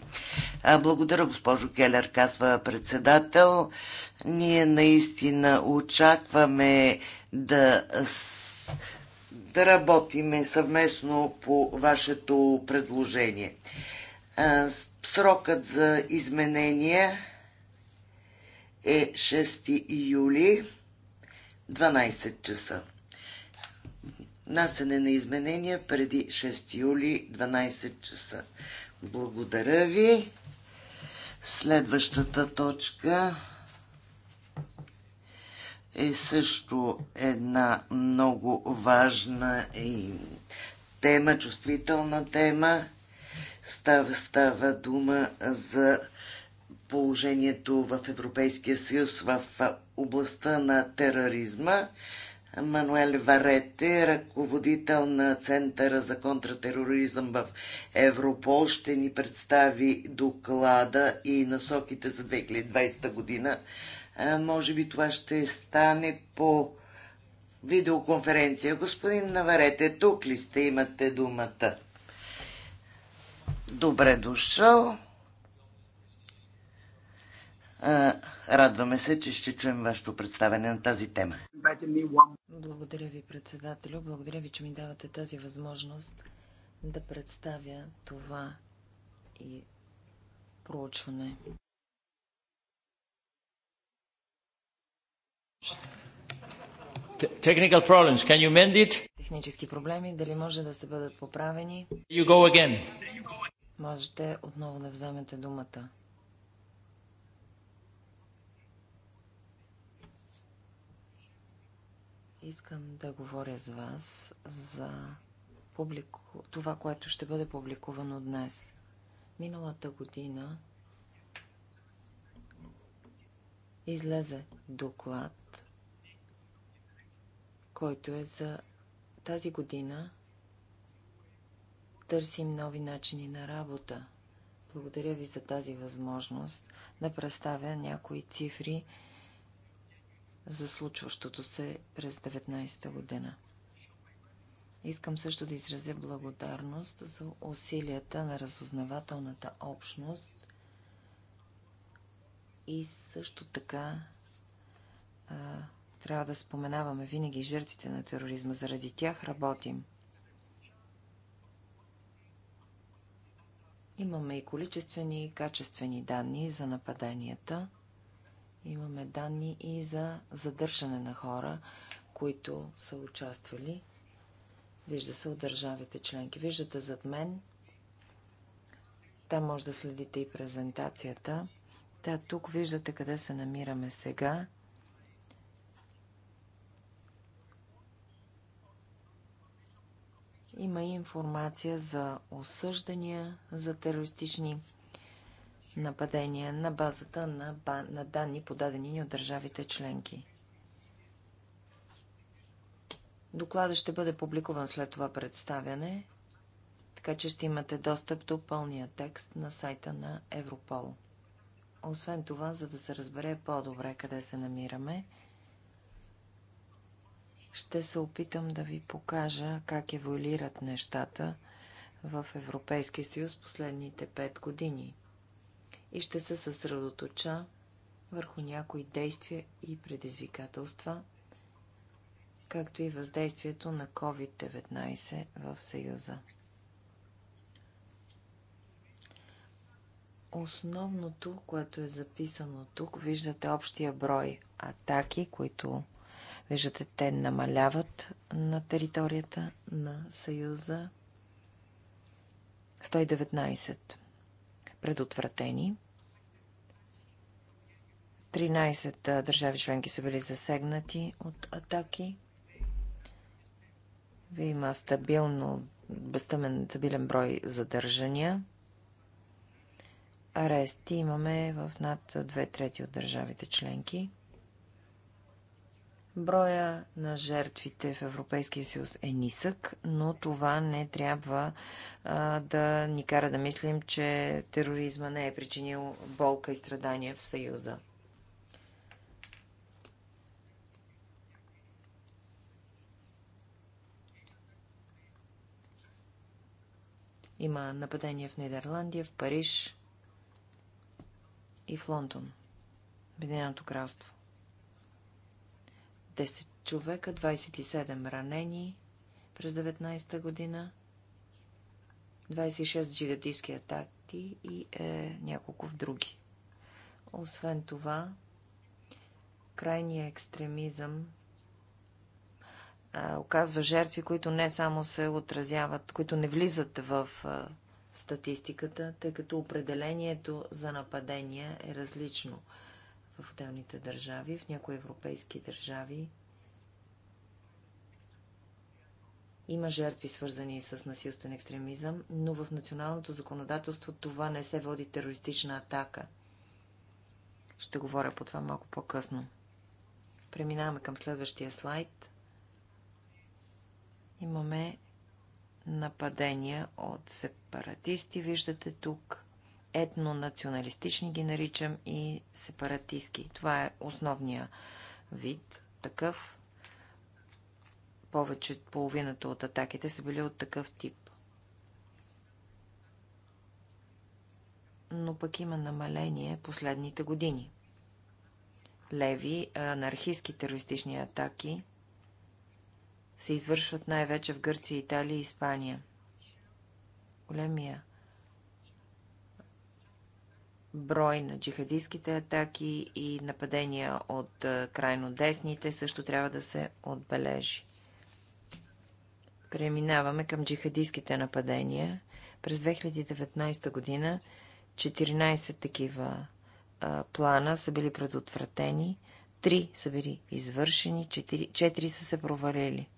Благодаря, госпожо Келер, казва председател. Ние наистина очакваме да, да работиме съвместно по вашето предложение. Срокът за изменения е 6 юли, 12 часа. Насене на изменения преди 6 юли, 12 часа. Благодаря ви. Следващата точка е също една много важна и тема, чувствителна тема. Става, става дума за положението в Европейския съюз в областта на тероризма. Мануел Варете, ръководител на Центъра за контратероризъм в Европол, ще ни представи доклада и насоките за 2020 година може би това ще стане по видеоконференция. Господин Наварете, тук ли сте? Имате думата. Добре дошъл. Радваме се, че ще чуем вашето представяне на тази тема. Благодаря ви, председателю. Благодаря ви, че ми давате тази възможност да представя това и проучване. Technical problems. Can you mend it? Технически проблеми. Дали може да се бъдат поправени? You go again. Можете отново да вземете думата. Искам да говоря с вас за публику... това, което ще бъде публикувано днес. Миналата година излезе доклад който е за тази година. Търсим нови начини на работа. Благодаря ви за тази възможност да представя някои цифри за случващото се през 19-та година. Искам също да изразя благодарност за усилията на разузнавателната общност и също така а, трябва да споменаваме винаги жертвите на тероризма. Заради тях работим. Имаме и количествени и качествени данни за нападанията. Имаме данни и за задържане на хора, които са участвали. Вижда се от държавите членки. Виждате зад мен. Там може да следите и презентацията. Та тук виждате къде се намираме сега Има и информация за осъждания за терористични нападения на базата на, на данни, подадени ни от държавите членки. Докладът ще бъде публикуван след това представяне, така че ще имате достъп до пълния текст на сайта на Европол. Освен това, за да се разбере по-добре къде се намираме, ще се опитам да ви покажа как еволюират нещата в Европейския съюз последните 5 години. И ще се съсредоточа върху някои действия и предизвикателства, както и въздействието на COVID-19 в Съюза. Основното, което е записано тук, виждате общия брой атаки, които Виждате, те намаляват на територията на Съюза. 119 предотвратени. 13 държави членки са били засегнати от атаки. Има стабилно, безтъмен, стабилен брой задържания. Арести имаме в над две трети от държавите членки. Броя на жертвите в Европейския съюз е нисък, но това не трябва а, да ни кара да мислим, че тероризма не е причинил болка и страдания в съюза. Има нападения в Нидерландия, в Париж и в Лондон, Обединеното кралство. 10 човека, 27 ранени през 19-та година, 26 джигатийски атаки и е, няколко в други. Освен това, крайният екстремизъм а, е, оказва жертви, които не само се отразяват, които не влизат в а, е, статистиката, тъй като определението за нападение е различно – в отделните държави. В някои европейски държави има жертви, свързани с насилствен екстремизъм, но в националното законодателство това не се води терористична атака. Ще говоря по това малко по-късно. Преминаваме към следващия слайд. Имаме нападения от сепаратисти, виждате тук етнонационалистични ги наричам и сепаратистки. Това е основния вид, такъв. Повече от половината от атаките са били от такъв тип. Но пък има намаление последните години. Леви, анархистски терористични атаки се извършват най-вече в Гърция, Италия и Испания. Големия брой на джихадистските атаки и нападения от е, крайно десните също трябва да се отбележи. Преминаваме към джихадистските нападения. През 2019 година 14 такива а, плана са били предотвратени, 3 са били извършени, 4, 4 са се провалили.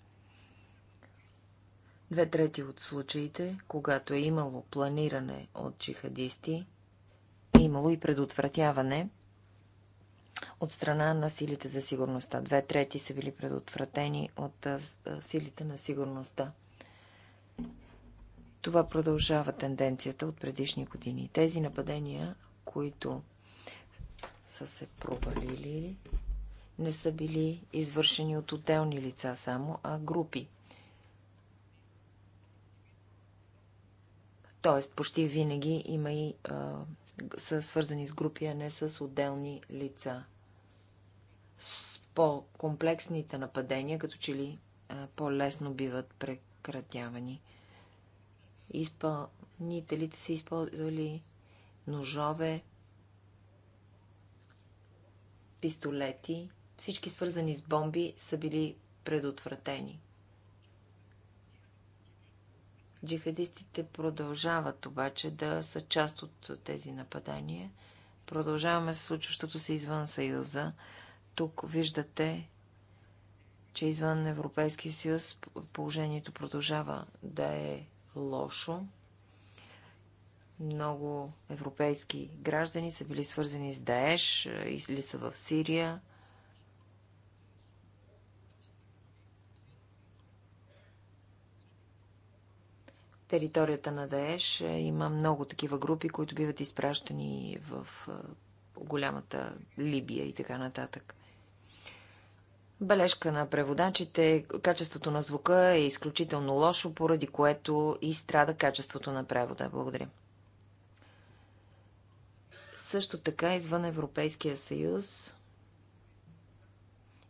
Две трети от случаите, когато е имало планиране от джихадисти, е имало и предотвратяване от страна на силите за сигурността. Две трети са били предотвратени от силите на сигурността. Това продължава тенденцията от предишни години. Тези нападения, които са се провалили, не са били извършени от отделни лица само, а групи. Тоест, почти винаги има и а, са свързани с групи, а не с отделни лица. С по-комплексните нападения, като че ли по-лесно биват прекратявани. Изпълнителите са използвали ножове, пистолети, всички свързани с бомби са били предотвратени. Джихадистите продължават обаче да са част от тези нападания. Продължаваме с случващото се извън Съюза. Тук виждате, че извън Европейския съюз положението продължава да е лошо. Много европейски граждани са били свързани с Даеш или са в Сирия. територията на Даеш е, има много такива групи, които биват изпращани в е, голямата Либия и така нататък. Бележка на преводачите. Качеството на звука е изключително лошо, поради което и страда качеството на превода. Благодаря. Също така, извън Европейския съюз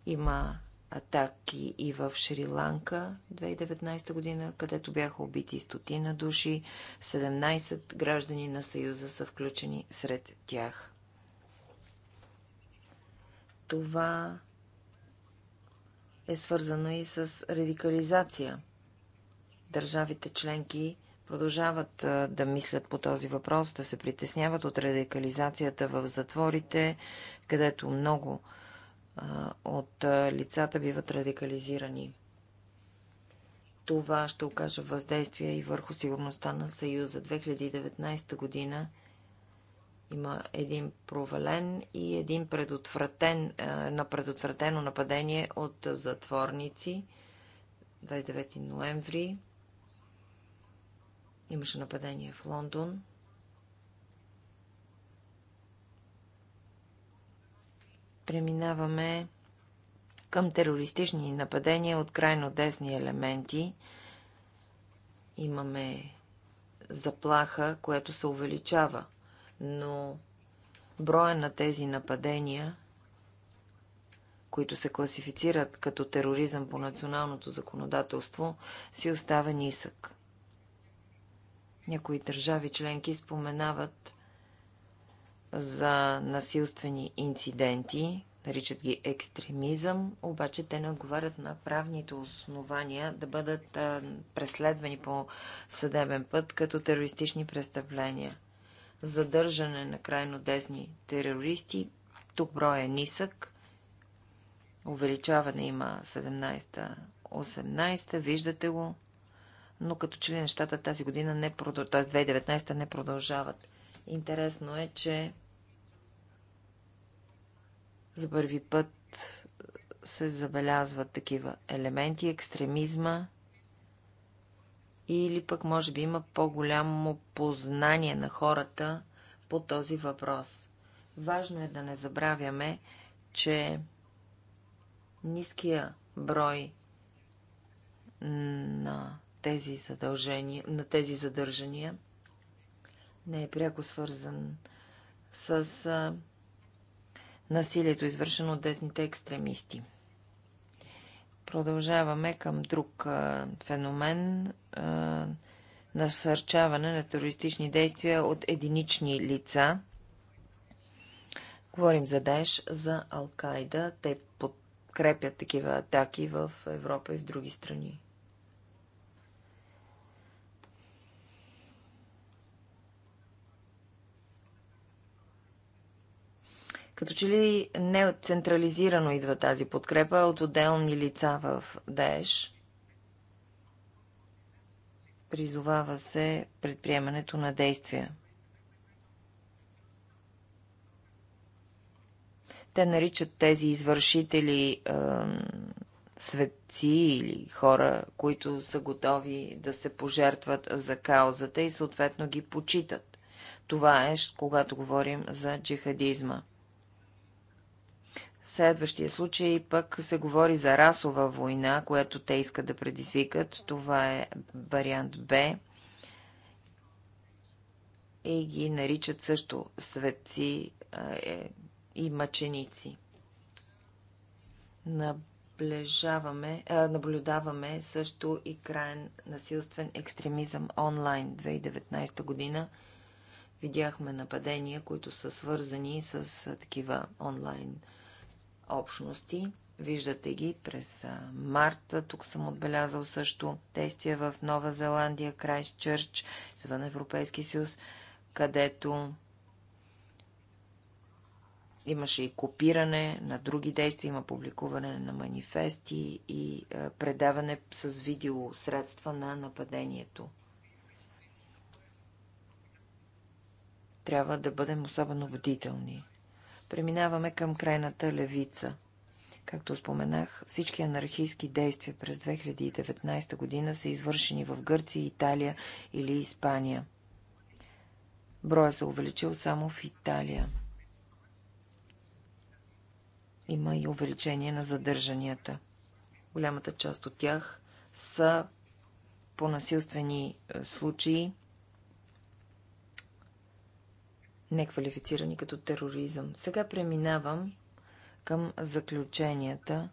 има атаки и в Шри-Ланка 2019 година, където бяха убити стотина души, 17 граждани на Съюза са включени сред тях. Това е свързано и с радикализация. Държавите членки продължават да мислят по този въпрос, да се притесняват от радикализацията в затворите, където много от лицата биват радикализирани. Това ще окаже въздействие и върху сигурността на Съюза. 2019 година има един провален и един предотвратен, едно предотвратено нападение от затворници. 29 ноември имаше нападение в Лондон. преминаваме към терористични нападения от крайно десни елементи. Имаме заплаха, която се увеличава, но броя на тези нападения, които се класифицират като тероризъм по националното законодателство, си остава нисък. Някои държави членки споменават за насилствени инциденти, наричат ги екстремизъм, обаче те не отговарят на правните основания да бъдат преследвани по съдебен път като терористични престъпления. Задържане на крайно десни терористи, тук броя е нисък, увеличаване има 17-18, виждате го, но като че ли нещата тази година не продължават, т.е. 2019 не продължават. Интересно е, че за първи път се забелязват такива елементи, екстремизма или пък може би има по-голямо познание на хората по този въпрос. Важно е да не забравяме, че ниския брой на тези, задължения, на тези задържания не е пряко свързан с насилието, извършено от десните екстремисти. Продължаваме към друг а, феномен а, насърчаване на терористични действия от единични лица. Говорим за Даеш, за Алкайда. Те подкрепят такива атаки в Европа и в други страни. Като че ли не централизирано идва тази подкрепа от отделни лица в ДАЕШ? Призовава се предприемането на действия. Те наричат тези извършители е, светци или хора, които са готови да се пожертват за каузата и съответно ги почитат. Това е, когато говорим за джихадизма. В следващия случай пък се говори за расова война, която те искат да предизвикат. Това е вариант Б. И ги наричат също светци е, и мъченици. Наближаваме, е, наблюдаваме също и крайен насилствен екстремизъм онлайн 2019 година видяхме нападения, които са свързани с такива онлайн общности. Виждате ги през март. Тук съм отбелязал също действия в Нова Зеландия, Крайстчърч, извън Европейски съюз, където имаше и копиране на други действия, има публикуване на манифести и предаване с видеосредства на нападението. Трябва да бъдем особено бдителни преминаваме към крайната левица. Както споменах, всички анархийски действия през 2019 година са извършени в Гърция, Италия или Испания. Броя се е увеличил само в Италия. Има и увеличение на задържанията. Голямата част от тях са по насилствени е, случаи неквалифицирани като тероризъм. Сега преминавам към заключенията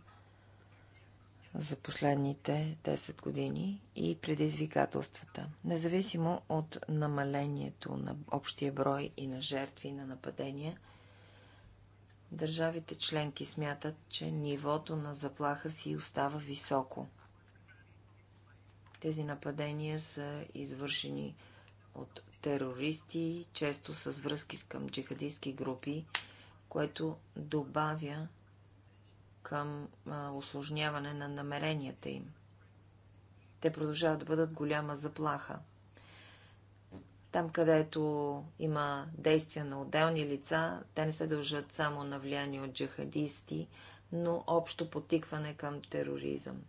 за последните 10 години и предизвикателствата. Независимо от намалението на общия брой и на жертви на нападения, държавите членки смятат, че нивото на заплаха си остава високо. Тези нападения са извършени от терористи, често с връзки към джихадистски групи, което добавя към а, осложняване на намеренията им. Те продължават да бъдат голяма заплаха. Там, където има действия на отделни лица, те не се дължат само на влияние от джихадисти, но общо потикване към тероризъм.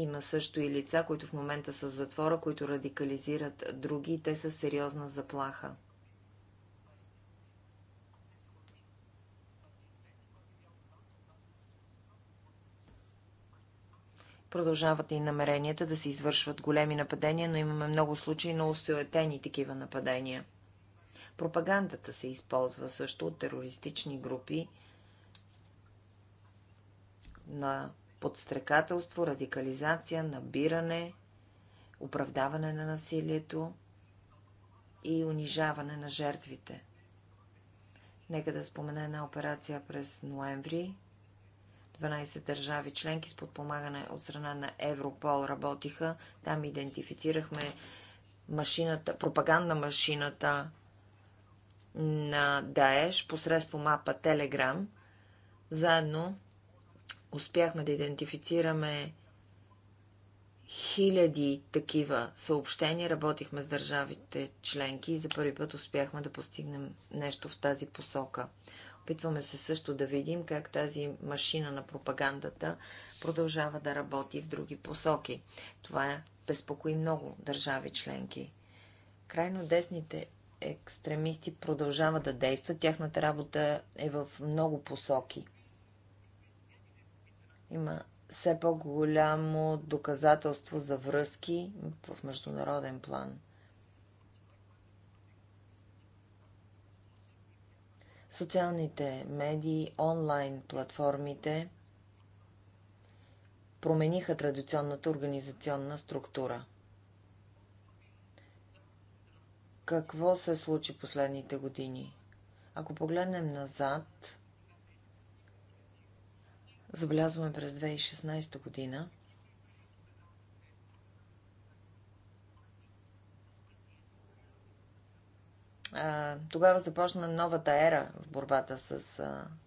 Има също и лица, които в момента са затвора, които радикализират други и те са сериозна заплаха. Продължават и намеренията да се извършват големи нападения, но имаме много случаи на усуетени такива нападения. Пропагандата се използва също от терористични групи на подстрекателство, радикализация, набиране, оправдаване на насилието и унижаване на жертвите. Нека да спомена една операция през ноември. 12 държави членки с подпомагане от страна на Европол работиха. Там идентифицирахме машината, пропаганда машината на Даеш посредством Мапа Телеграм, заедно успяхме да идентифицираме хиляди такива съобщения. Работихме с държавите членки и за първи път успяхме да постигнем нещо в тази посока. Опитваме се също да видим как тази машина на пропагандата продължава да работи в други посоки. Това безпокои много държави членки. Крайно десните екстремисти продължават да действат. Тяхната работа е в много посоки – има все по-голямо доказателство за връзки в международен план. Социалните медии, онлайн платформите промениха традиционната организационна структура. Какво се случи последните години? Ако погледнем назад, забелязваме през 2016 година, Тогава започна новата ера в борбата с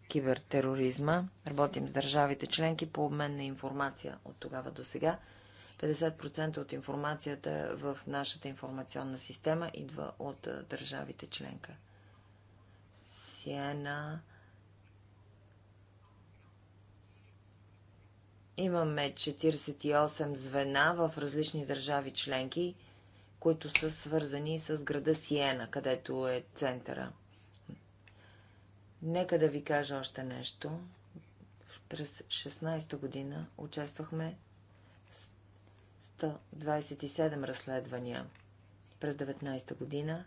кибертероризма. Работим с държавите членки по обмен на информация от тогава до сега. 50% от информацията в нашата информационна система идва от държавите членка. Сиена, Имаме 48 звена в различни държави членки, които са свързани с града Сиена, където е центъра. Нека да ви кажа още нещо. През 16-та година участвахме в 127 разследвания. През 19-та година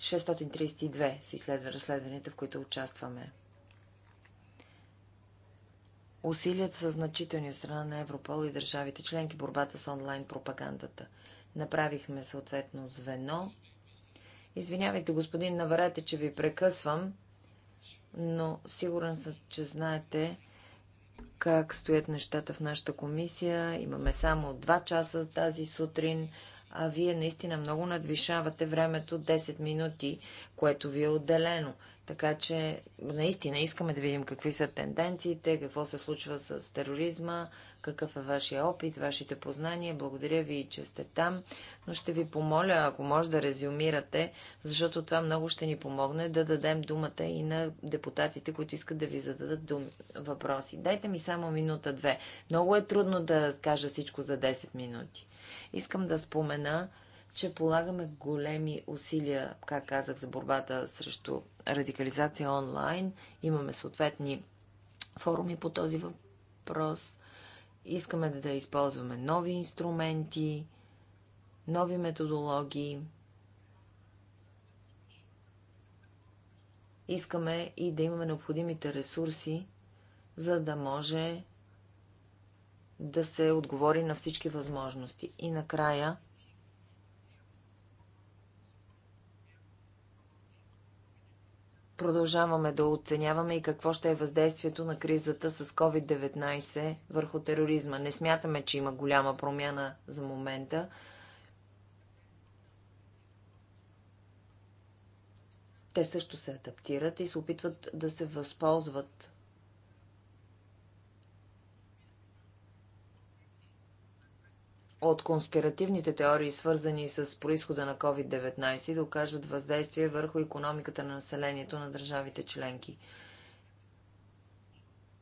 632 са изследва разследванията, в които участваме. Усилията са значителни от страна на Европол и държавите членки борбата с онлайн пропагандата. Направихме съответно звено. Извинявайте, господин Наварете, че ви прекъсвам, но сигурен съм, че знаете как стоят нещата в нашата комисия. Имаме само 2 часа тази сутрин а вие наистина много надвишавате времето 10 минути, което ви е отделено. Така че наистина искаме да видим какви са тенденциите, какво се случва с тероризма, какъв е вашия опит, вашите познания. Благодаря ви, че сте там, но ще ви помоля, ако може да резюмирате, защото това много ще ни помогне да дадем думата и на депутатите, които искат да ви зададат въпроси. Дайте ми само минута-две. Много е трудно да кажа всичко за 10 минути. Искам да спомена, че полагаме големи усилия, как казах, за борбата срещу радикализация онлайн. Имаме съответни форуми по този въпрос. Искаме да, да използваме нови инструменти, нови методологии. Искаме и да имаме необходимите ресурси, за да може да се отговори на всички възможности. И накрая продължаваме да оценяваме и какво ще е въздействието на кризата с COVID-19 върху тероризма. Не смятаме, че има голяма промяна за момента. Те също се адаптират и се опитват да се възползват от конспиративните теории, свързани с происхода на COVID-19, да окажат въздействие върху економиката на населението на държавите членки.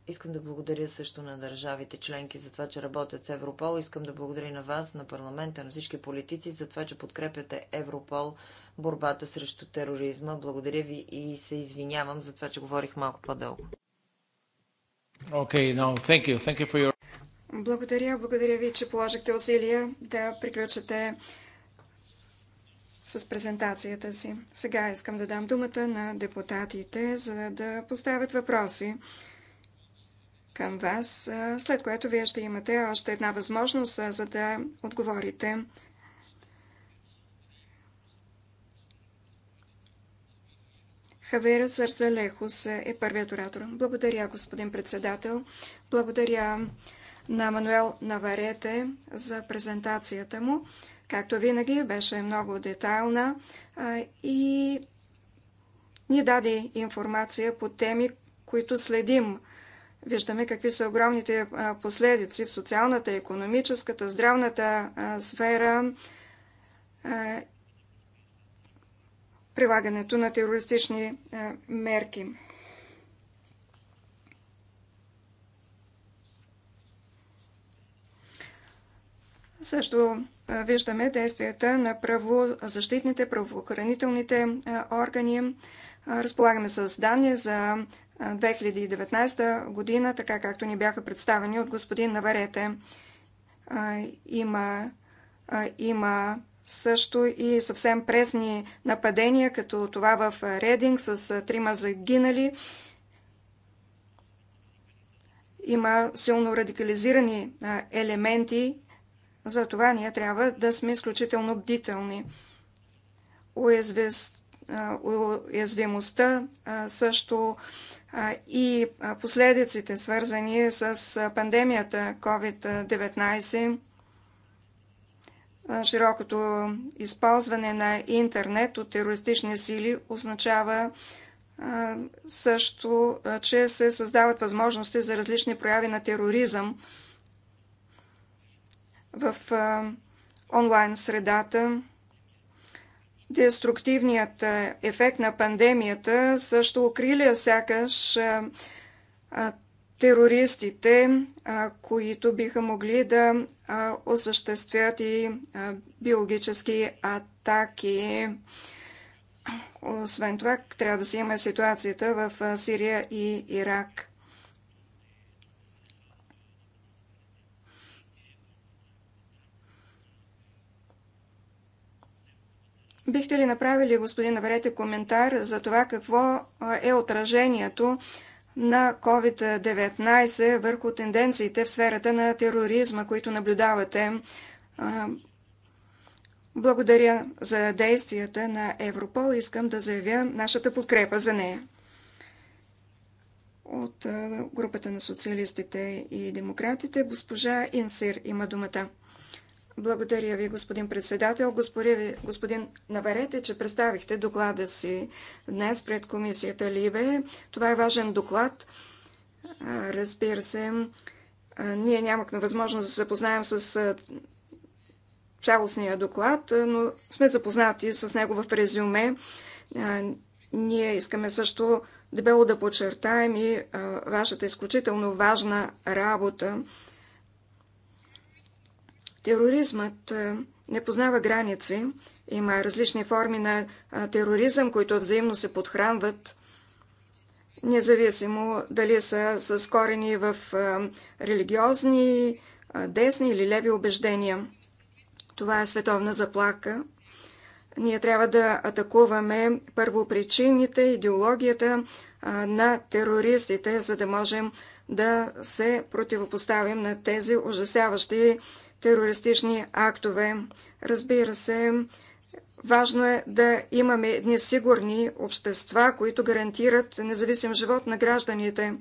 Искам да благодаря също на държавите членки за това, че работят с Европол. Искам да благодаря на вас, на парламента, на всички политици за това, че подкрепяте Европол борбата срещу тероризма. Благодаря ви и се извинявам за това, че говорих малко по-дълго. Okay, no, thank you. Thank you for your... Благодаря, благодаря ви, че положихте усилия да приключите с презентацията си. Сега искам да дам думата на депутатите, за да поставят въпроси към вас, след което вие ще имате още една възможност, за да отговорите. Хавера Сарзалехус е първият оратор. Благодаря, господин председател. Благодаря на Мануел Наварете за презентацията му. Както винаги, беше много детайлна и ни даде информация по теми, които следим. Виждаме какви са огромните последици в социалната, економическата, здравната сфера, прилагането на терористични мерки. Също виждаме действията на правозащитните, правоохранителните органи. Разполагаме с данни за 2019 година, така както ни бяха представени от господин Наварете. Има, има също и съвсем пресни нападения, като това в Рединг с трима загинали. Има силно радикализирани елементи затова ние трябва да сме изключително бдителни. уязвимостта също и последиците, свързани с пандемията COVID-19, широкото използване на интернет от терористични сили означава също, че се създават възможности за различни прояви на тероризъм в онлайн средата. Деструктивният ефект на пандемията също укриля сякаш терористите, които биха могли да осъществят и биологически атаки. Освен това, трябва да си има ситуацията в Сирия и Ирак. Бихте ли направили, господин Наварете, коментар за това какво е отражението на COVID-19 върху тенденциите в сферата на тероризма, които наблюдавате? Благодаря за действията на Европол. Искам да заявя нашата подкрепа за нея. От групата на социалистите и демократите госпожа Инсир има думата. Благодаря ви, господин председател. Господин, господин Наварете, че представихте доклада си днес пред комисията Либе. Това е важен доклад. Разбира се, ние нямахме възможност да се запознаем с цялостния доклад, но сме запознати с него в резюме. Ние искаме също дебело да подчертаем и вашата изключително важна работа Тероризмът е, не познава граници. Има различни форми на тероризъм, които взаимно се подхранват, независимо дали са с корени в религиозни, десни или леви убеждения. Това е световна заплака. Ние трябва да атакуваме първо причините, идеологията на терористите, за да можем да се противопоставим на тези ужасяващи терористични актове. Разбира се, важно е да имаме едни сигурни общества, които гарантират независим живот на гражданите.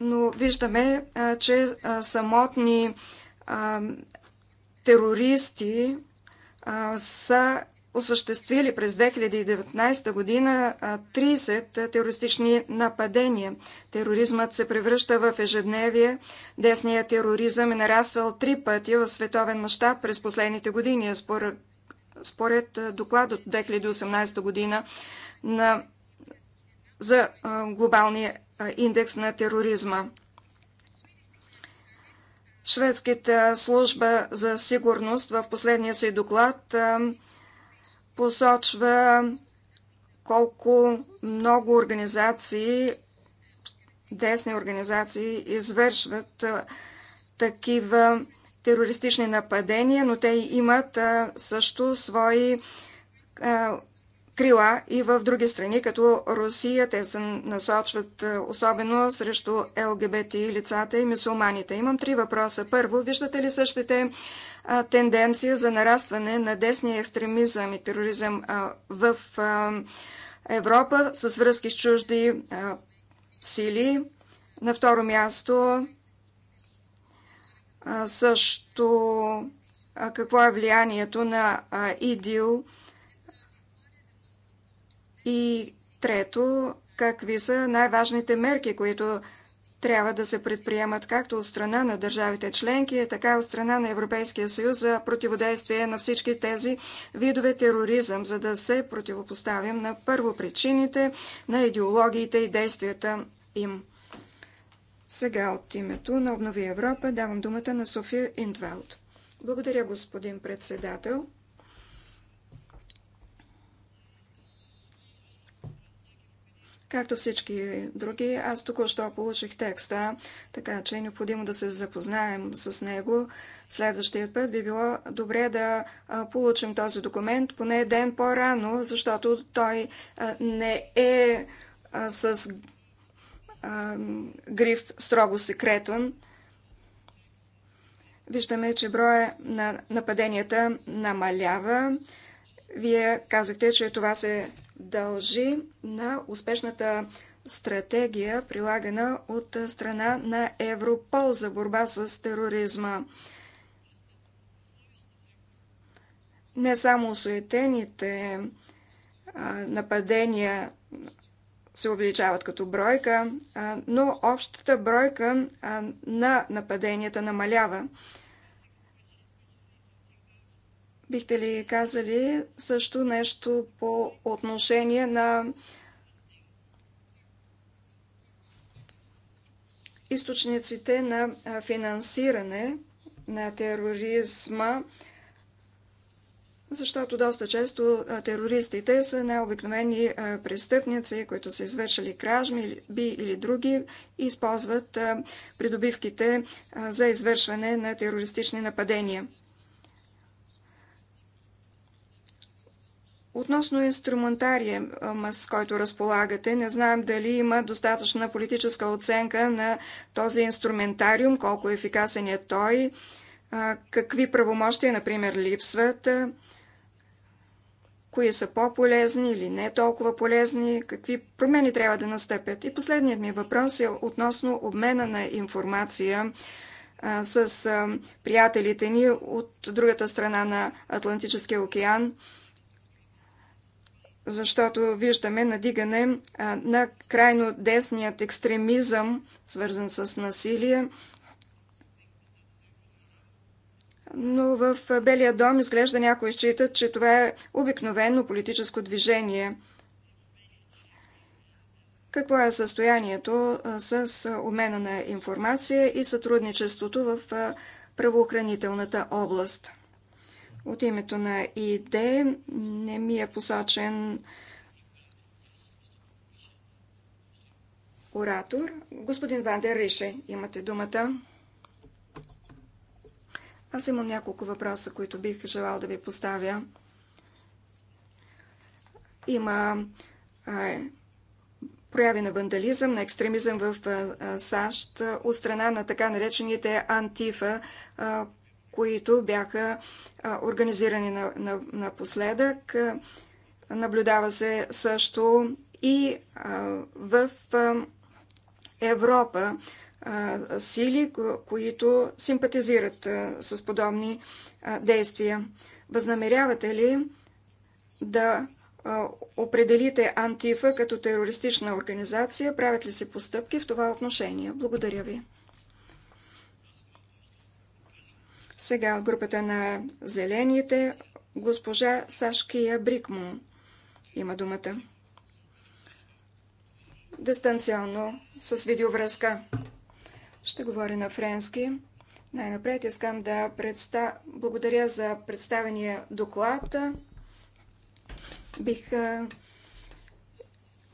Но виждаме, че самотни терористи са осъществили през 2019 година 30 терористични нападения. Тероризмът се превръща в ежедневие. Десният тероризъм е нараствал три пъти в световен мащаб през последните години. Според, според доклад от 2018 година на, за глобалния индекс на тероризма. Шведската служба за сигурност в последния си доклад посочва колко много организации, десни организации, извършват такива терористични нападения, но те имат също свои крила и в други страни, като Русия. Те се насочват е, особено срещу ЛГБТ лицата и мусулманите. Имам три въпроса. Първо, виждате ли същите а, е, тенденции за нарастване на десния екстремизъм и тероризъм а, е, в а, Европа с връзки с чужди а, сили? На второ място, а, също а, какво е влиянието на а, ИДИЛ? И трето, какви са най-важните мерки, които трябва да се предприемат както от страна на държавите членки, така и от страна на Европейския съюз за противодействие на всички тези видове тероризъм, за да се противопоставим на първо причините, на идеологиите и действията им. Сега от името на Обнови Европа давам думата на София Индвелд. Благодаря, господин председател. Както всички други, аз току-що получих текста, така че е необходимо да се запознаем с него. Следващия път би било добре да получим този документ поне ден по-рано, защото той не е с гриф строго секретен. Виждаме, че броя на нападенията намалява. Вие казахте, че това се дължи на успешната стратегия, прилагана от страна на Европол за борба с тероризма. Не само суетените нападения се увеличават като бройка, но общата бройка на нападенията намалява. Бихте ли казали също нещо по отношение на източниците на финансиране на тероризма, защото доста често терористите са най-обикновени престъпници, които са извършили кражми би или други и използват придобивките за извършване на терористични нападения. Относно инструментария, с който разполагате, не знаем дали има достатъчна политическа оценка на този инструментариум, колко ефикасен е той, какви правомощия, например, липсват, кои са по-полезни или не толкова полезни, какви промени трябва да настъпят. И последният ми въпрос е относно обмена на информация с приятелите ни от другата страна на Атлантическия океан – защото виждаме надигане на крайно десният екстремизъм, свързан с насилие. Но в Белия дом изглежда някои считат, че това е обикновено политическо движение. Какво е състоянието с обмена на информация и сътрудничеството в правоохранителната област? От името на ИД не ми е посочен оратор. Господин Вандер Рише, имате думата. Аз имам няколко въпроса, които бих желал да ви поставя. Има а, прояви на вандализъм, на екстремизъм в САЩ от страна на така наречените антифа, които бяха организирани напоследък. Наблюдава се също и в Европа сили, които симпатизират с подобни действия. Възнамерявате ли да определите Антифа като терористична организация? Правят ли се постъпки в това отношение? Благодаря ви. Сега от групата на зелените госпожа Сашкия Брикму, има думата. Дистанционно, с видеовръзка. Ще говоря на френски. Най-напред искам да предста... благодаря за представения доклад. Бих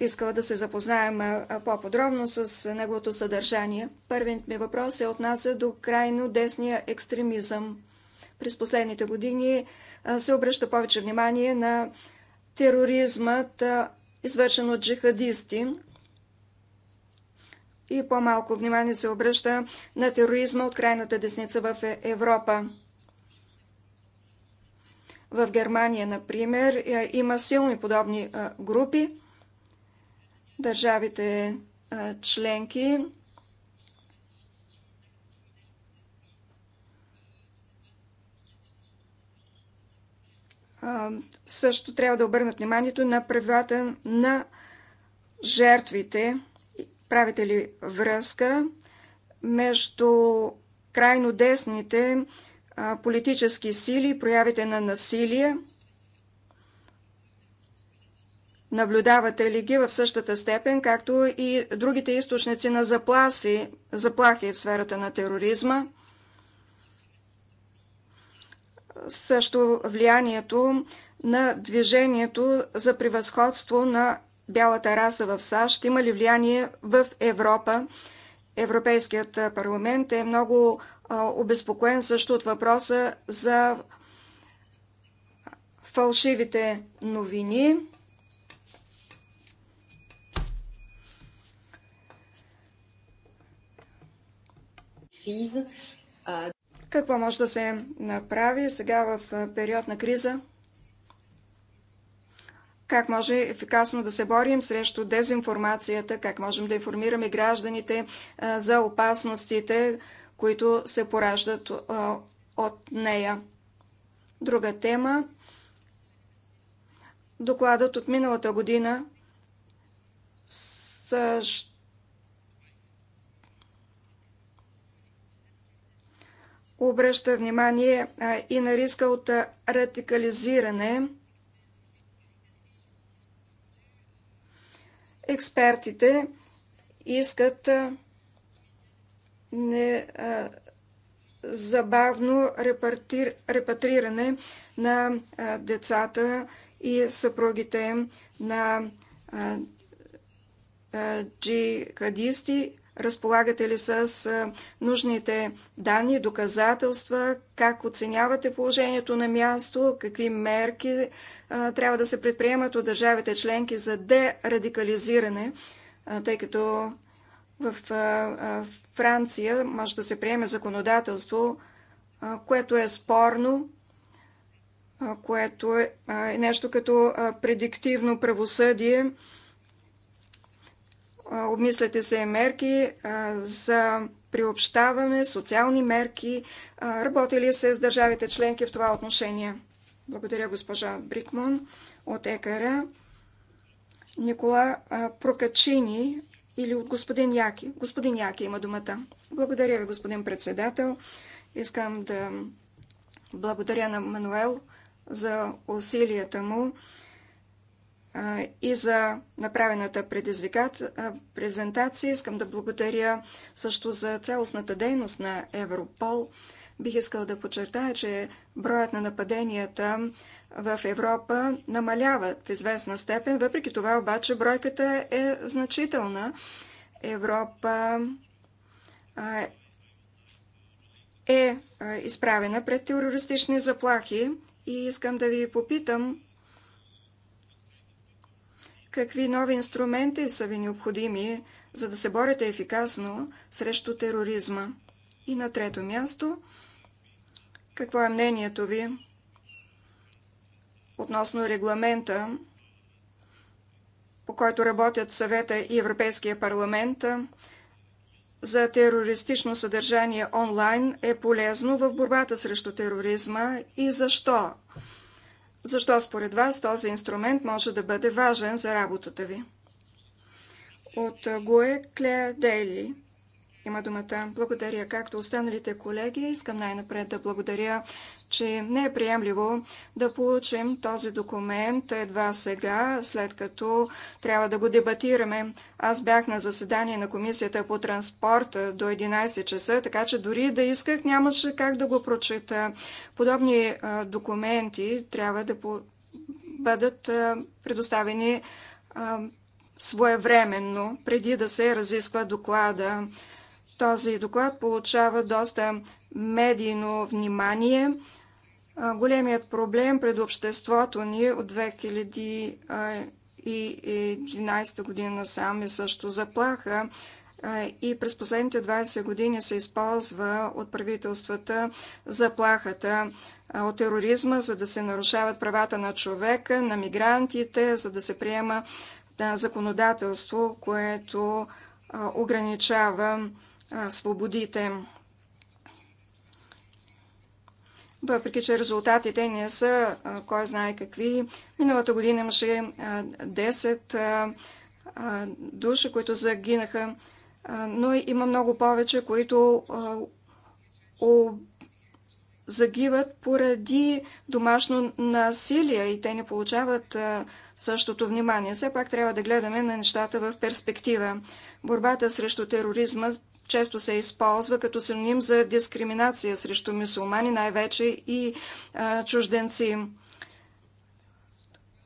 искала да се запознаем по-подробно с неговото съдържание. Първият ми въпрос се отнася до крайно десния екстремизъм. През последните години се обръща повече внимание на тероризмът, извършен от джихадисти, и по-малко внимание се обръща на тероризма от крайната десница в е, Европа. В Германия, например, е, има силни подобни групи. Държавите членки също трябва да обърнат вниманието на правилата на жертвите. Правите ли връзка между крайно десните политически сили и проявите на насилие – Наблюдавате ли ги в същата степен, както и другите източници на запласи, заплахи в сферата на тероризма? Също влиянието на движението за превъзходство на бялата раса в САЩ има ли влияние в Европа? Европейският парламент е много обезпокоен също от въпроса за фалшивите новини. Какво може да се направи сега в период на криза? Как може ефикасно да се борим срещу дезинформацията? Как можем да информираме гражданите за опасностите, които се пораждат от нея? Друга тема. Докладът от миналата година също обръща внимание и на риска от радикализиране. Експертите искат не забавно репатриране на децата и съпругите на джихадисти Разполагате ли с нужните данни, доказателства? Как оценявате положението на място? Какви мерки трябва да се предприемат от държавите членки за дерадикализиране? тъй като в Франция може да се приеме законодателство, което е спорно, което е, е нещо като предиктивно правосъдие – Обмисляте се мерки за приобщаване, социални мерки. Работи ли се с държавите членки в това отношение? Благодаря, госпожа Брикман от ЕКР. Никола Прокачини или от господин Яки. Господин Яки има думата. Благодаря ви, господин председател. Искам да благодаря на Мануел за усилията му и за направената предизвикат... презентация. Искам да благодаря също за цялостната дейност на Европол. Бих искал да подчертая, че броят на нападенията в Европа намалява в известна степен. Въпреки това обаче бройката е значителна. Европа е изправена пред терористични заплахи и искам да ви попитам Какви нови инструменти са ви необходими, за да се борите ефикасно срещу тероризма? И на трето място, какво е мнението ви относно регламента, по който работят съвета и Европейския парламент за терористично съдържание онлайн е полезно в борбата срещу тероризма и защо защо според вас този инструмент може да бъде важен за работата ви? От Гуе Клея Дейли има думата. Благодаря, както останалите колеги. Искам най-напред да благодаря, че не е приемливо да получим този документ едва сега, след като трябва да го дебатираме. Аз бях на заседание на Комисията по транспорт до 11 часа, така че дори да исках, нямаше как да го прочета. Подобни документи трябва да бъдат предоставени своевременно, преди да се разисква доклада. Този доклад получава доста медийно внимание. Големият проблем пред обществото ни от 2011 година сам е също заплаха и през последните 20 години се използва от правителствата заплахата от тероризма, за да се нарушават правата на човека, на мигрантите, за да се приема законодателство, което ограничава свободите. Въпреки, че резултатите не са кой знае какви. Миналата година имаше 10 души, които загинаха, но има много повече, които загиват поради домашно насилие и те не получават същото внимание. Все пак трябва да гледаме на нещата в перспектива. Борбата срещу тероризма често се използва като синоним за дискриминация срещу мусулмани, най-вече и а, чужденци.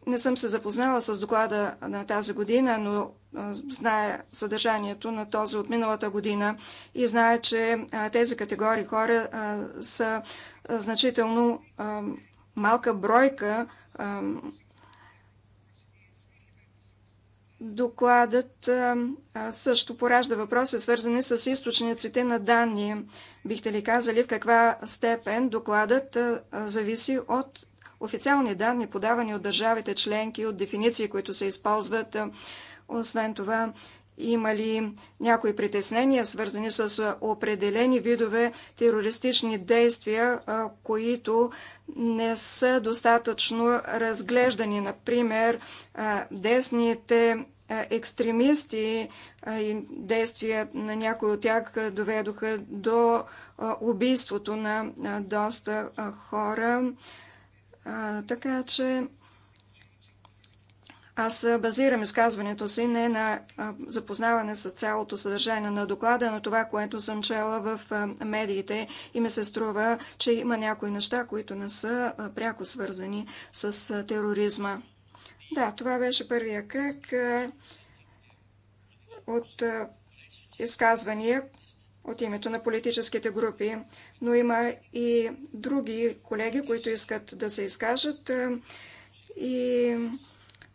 Не съм се запознала с доклада на тази година, но знае зная съдържанието на този от миналата година и знае, че а, тези категории хора а, са значително малка бройка Докладът също поражда въпроси, свързани с източниците на данни. Бихте ли казали в каква степен докладът зависи от официални данни, подавани от държавите членки, от дефиниции, които се използват. Освен това, има ли някои притеснения, свързани с определени видове терористични действия, които не са достатъчно разглеждани. Например, десните екстремисти и действия на някои от тях доведоха до убийството на доста хора. Така че аз базирам изказването си не на запознаване с цялото съдържание на доклада, на това, което съм чела в медиите и ми се струва, че има някои неща, които не са пряко свързани с тероризма. Да, това беше първия кръг от изказвания от името на политическите групи, но има и други колеги, които искат да се изкажат и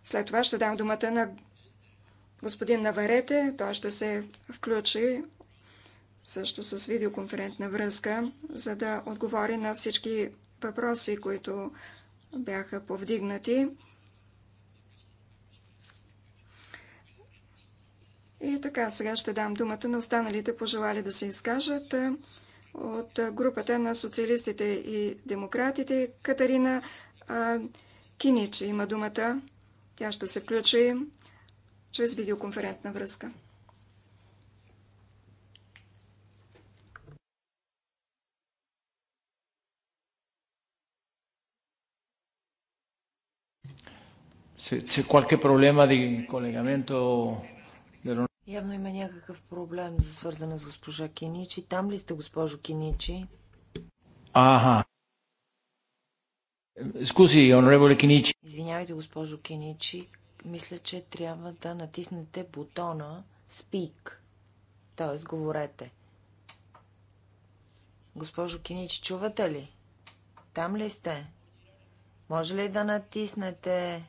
след това ще дам думата на господин Наварете. Той ще се включи също с видеоконферентна връзка, за да отговори на всички въпроси, които бяха повдигнати. И така, сега ще дам думата на останалите пожелали да се изкажат от групата на социалистите и демократите. Катарина Киничи има думата. Тя ще се включи чрез видеоконферентна връзка. Явно има някакъв проблем за свързане с госпожа Киничи. Там ли сте, госпожо Киничи? Ага. Скузи, онреболе Киничи. Извинявайте, госпожо Киничи. Мисля, че трябва да натиснете бутона Speak. Тоест, говорете. Госпожо Киничи, чувате ли? Там ли сте? Може ли да натиснете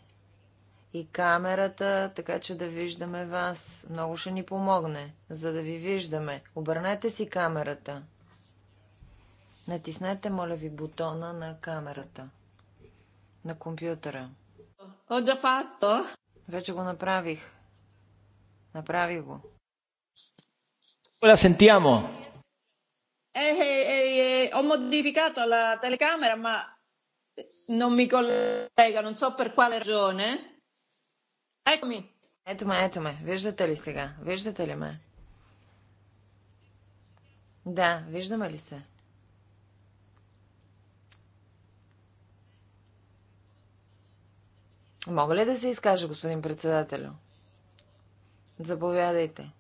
и камерата, така че да виждаме вас? Много ще ни помогне, за да ви виждаме. Обърнете си камерата. Натиснете, моля ви, бутона на камерата на компютъра. Ho già fatto? Вече го направих. Направих го. La sentiamo. Eh, eh, eh, ho modificato la telecamera, ma non mi collega, non so per quale ragione. Eccomi. Ето ме, ето ме. Виждате ли сега? Виждате ли ме? Да, виждаме ли се? Мога ли да се изкажа, господин председателю? Заповядайте.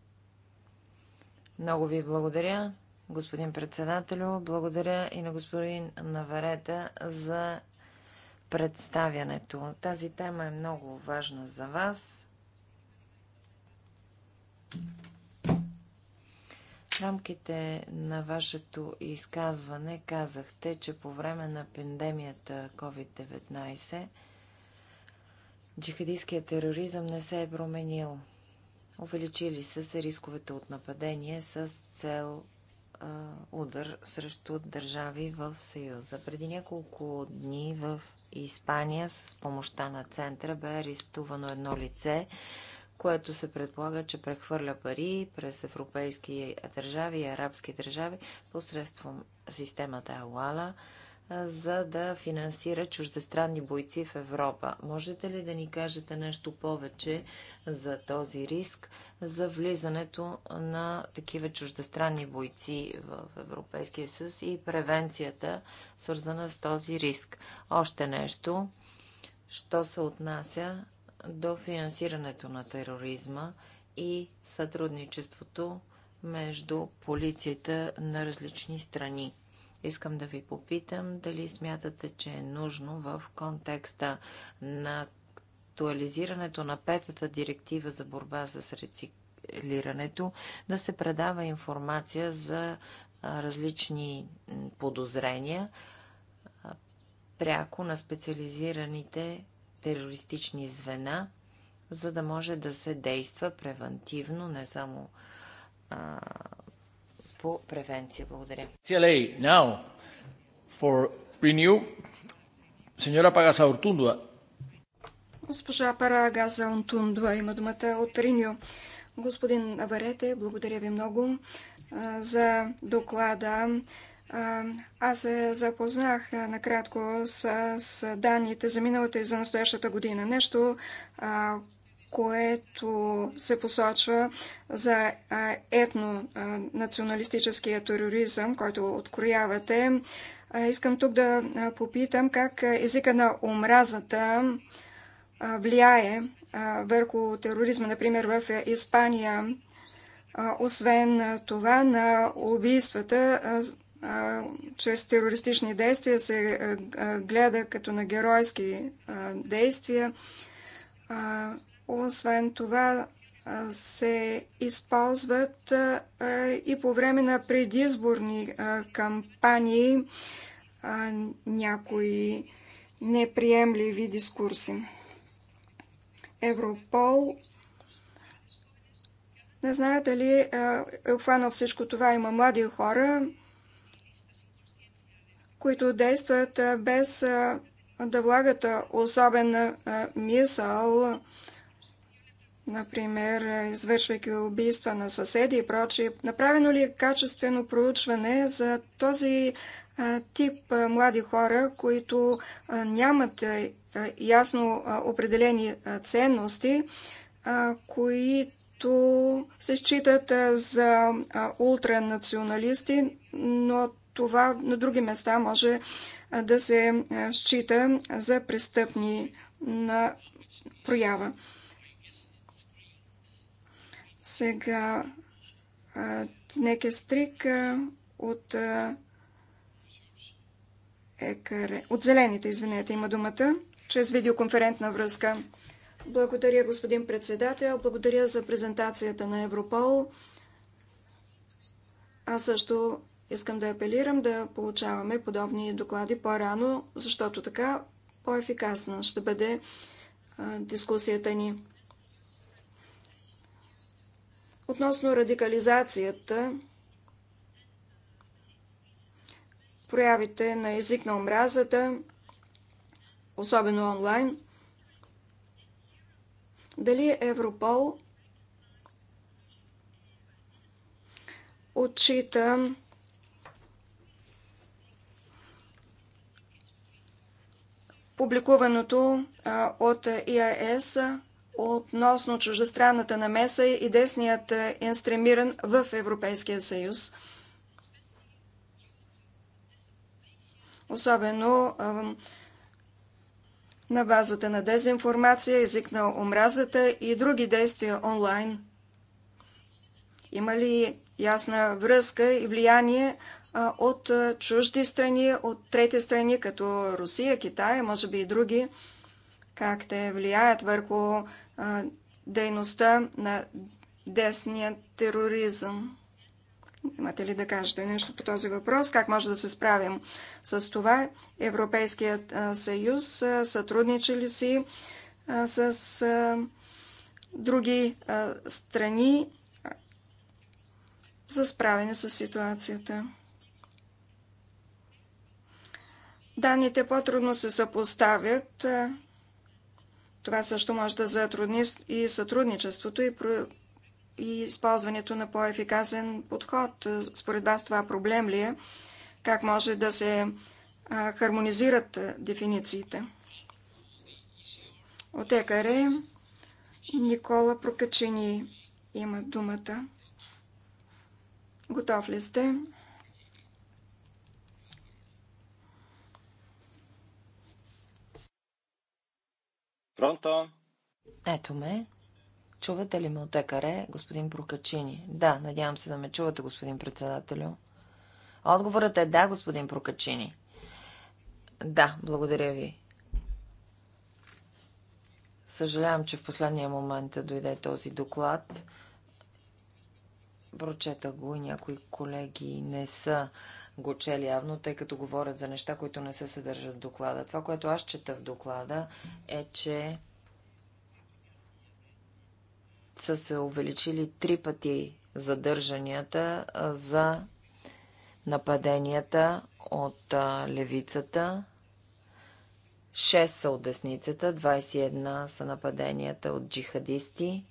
Много ви благодаря, господин председателю. Благодаря и на господин Наварета за представянето. Тази тема е много важна за вас. В рамките на вашето изказване казахте, че по време на пандемията COVID-19 Джихадистският тероризъм не се е променил. Увеличили са се рисковете от нападение с цел а, удар срещу държави в Съюза. Преди няколко дни в Испания с помощта на центъра бе арестувано едно лице, което се предполага, че прехвърля пари през европейски държави и арабски държави посредством системата Алала за да финансира чуждестранни бойци в Европа. Можете ли да ни кажете нещо повече за този риск, за влизането на такива чуждестранни бойци в Европейския съюз и превенцията, свързана с този риск? Още нещо, що се отнася до финансирането на тероризма и сътрудничеството между полицията на различни страни. Искам да ви попитам дали смятате, че е нужно в контекста на актуализирането на петата директива за борба с рециклирането да се предава информация за различни подозрения пряко на специализираните терористични звена, за да може да се действа превентивно, не само по превенция. Благодаря. CLA, now for Renew, сеньора Pagasa Ортундуа. Госпожа Парагаса Ортундуа има думата от Риньо. Господин Аварете, благодаря ви много за доклада. Аз се запознах накратко с данните за миналата и за настоящата година. Нещо, което се посочва за етнонационалистическия тероризъм, който откроявате. Искам тук да попитам как езика на омразата влияе върху тероризма, например в Испания. Освен това, на убийствата чрез терористични действия се гледа като на геройски действия. Освен това се използват и по време на предизборни кампании някои неприемливи дискурси. Европол не знае дали е обхванал всичко това. Има млади хора, които действат без да влагат особена мисъл например, извършвайки убийства на съседи и прочие, направено ли е качествено проучване за този тип млади хора, които нямат ясно определени ценности, които се считат за ултранационалисти, но това на други места може да се счита за престъпни на проява. Сега Тнеке Стрик от Екаре. От зелените, извинете, има думата, чрез видеоконферентна връзка. Благодаря, господин председател. Благодаря за презентацията на Европол. Аз също искам да апелирам да получаваме подобни доклади по-рано, защото така по-ефикасна ще бъде дискусията ни. Относно радикализацията, проявите на език на омразата, особено онлайн, дали Европол отчита публикуваното от ИАС относно чуждестранната намеса и десният е, инстремиран в Европейския съюз. Особено е, на базата на дезинформация, език на омразата и други действия онлайн. Има ли ясна връзка и влияние е, от чужди страни, от трети страни, като Русия, Китай, може би и други? как те влияят върху а, дейността на десния тероризъм. Имате ли да кажете нещо по този въпрос? Как може да се справим с това? Европейският съюз сътрудничи ли си с други страни за справяне с ситуацията? Данните по-трудно се съпоставят това също може да затрудни и сътрудничеството и, про... и използването на по-ефикасен подход. Е, според вас това проблем ли е? Как може да се а, хармонизират е, дефинициите? От Никола Прокачени има думата. Готов ли сте? Пронто? Ето ме. Чувате ли ме от ЕКАРЕ, господин Прокачини? Да, надявам се да ме чувате, господин председателю. Отговорът е да, господин Прокачини. Да, благодаря ви. Съжалявам, че в последния момент дойде този доклад. Прочета го и някои колеги не са го чели явно, тъй като говорят за неща, които не се съдържат в доклада. Това, което аз чета в доклада е, че са се увеличили три пъти задържанията за нападенията от левицата. 6 са от десницата, 21 са нападенията от джихадисти.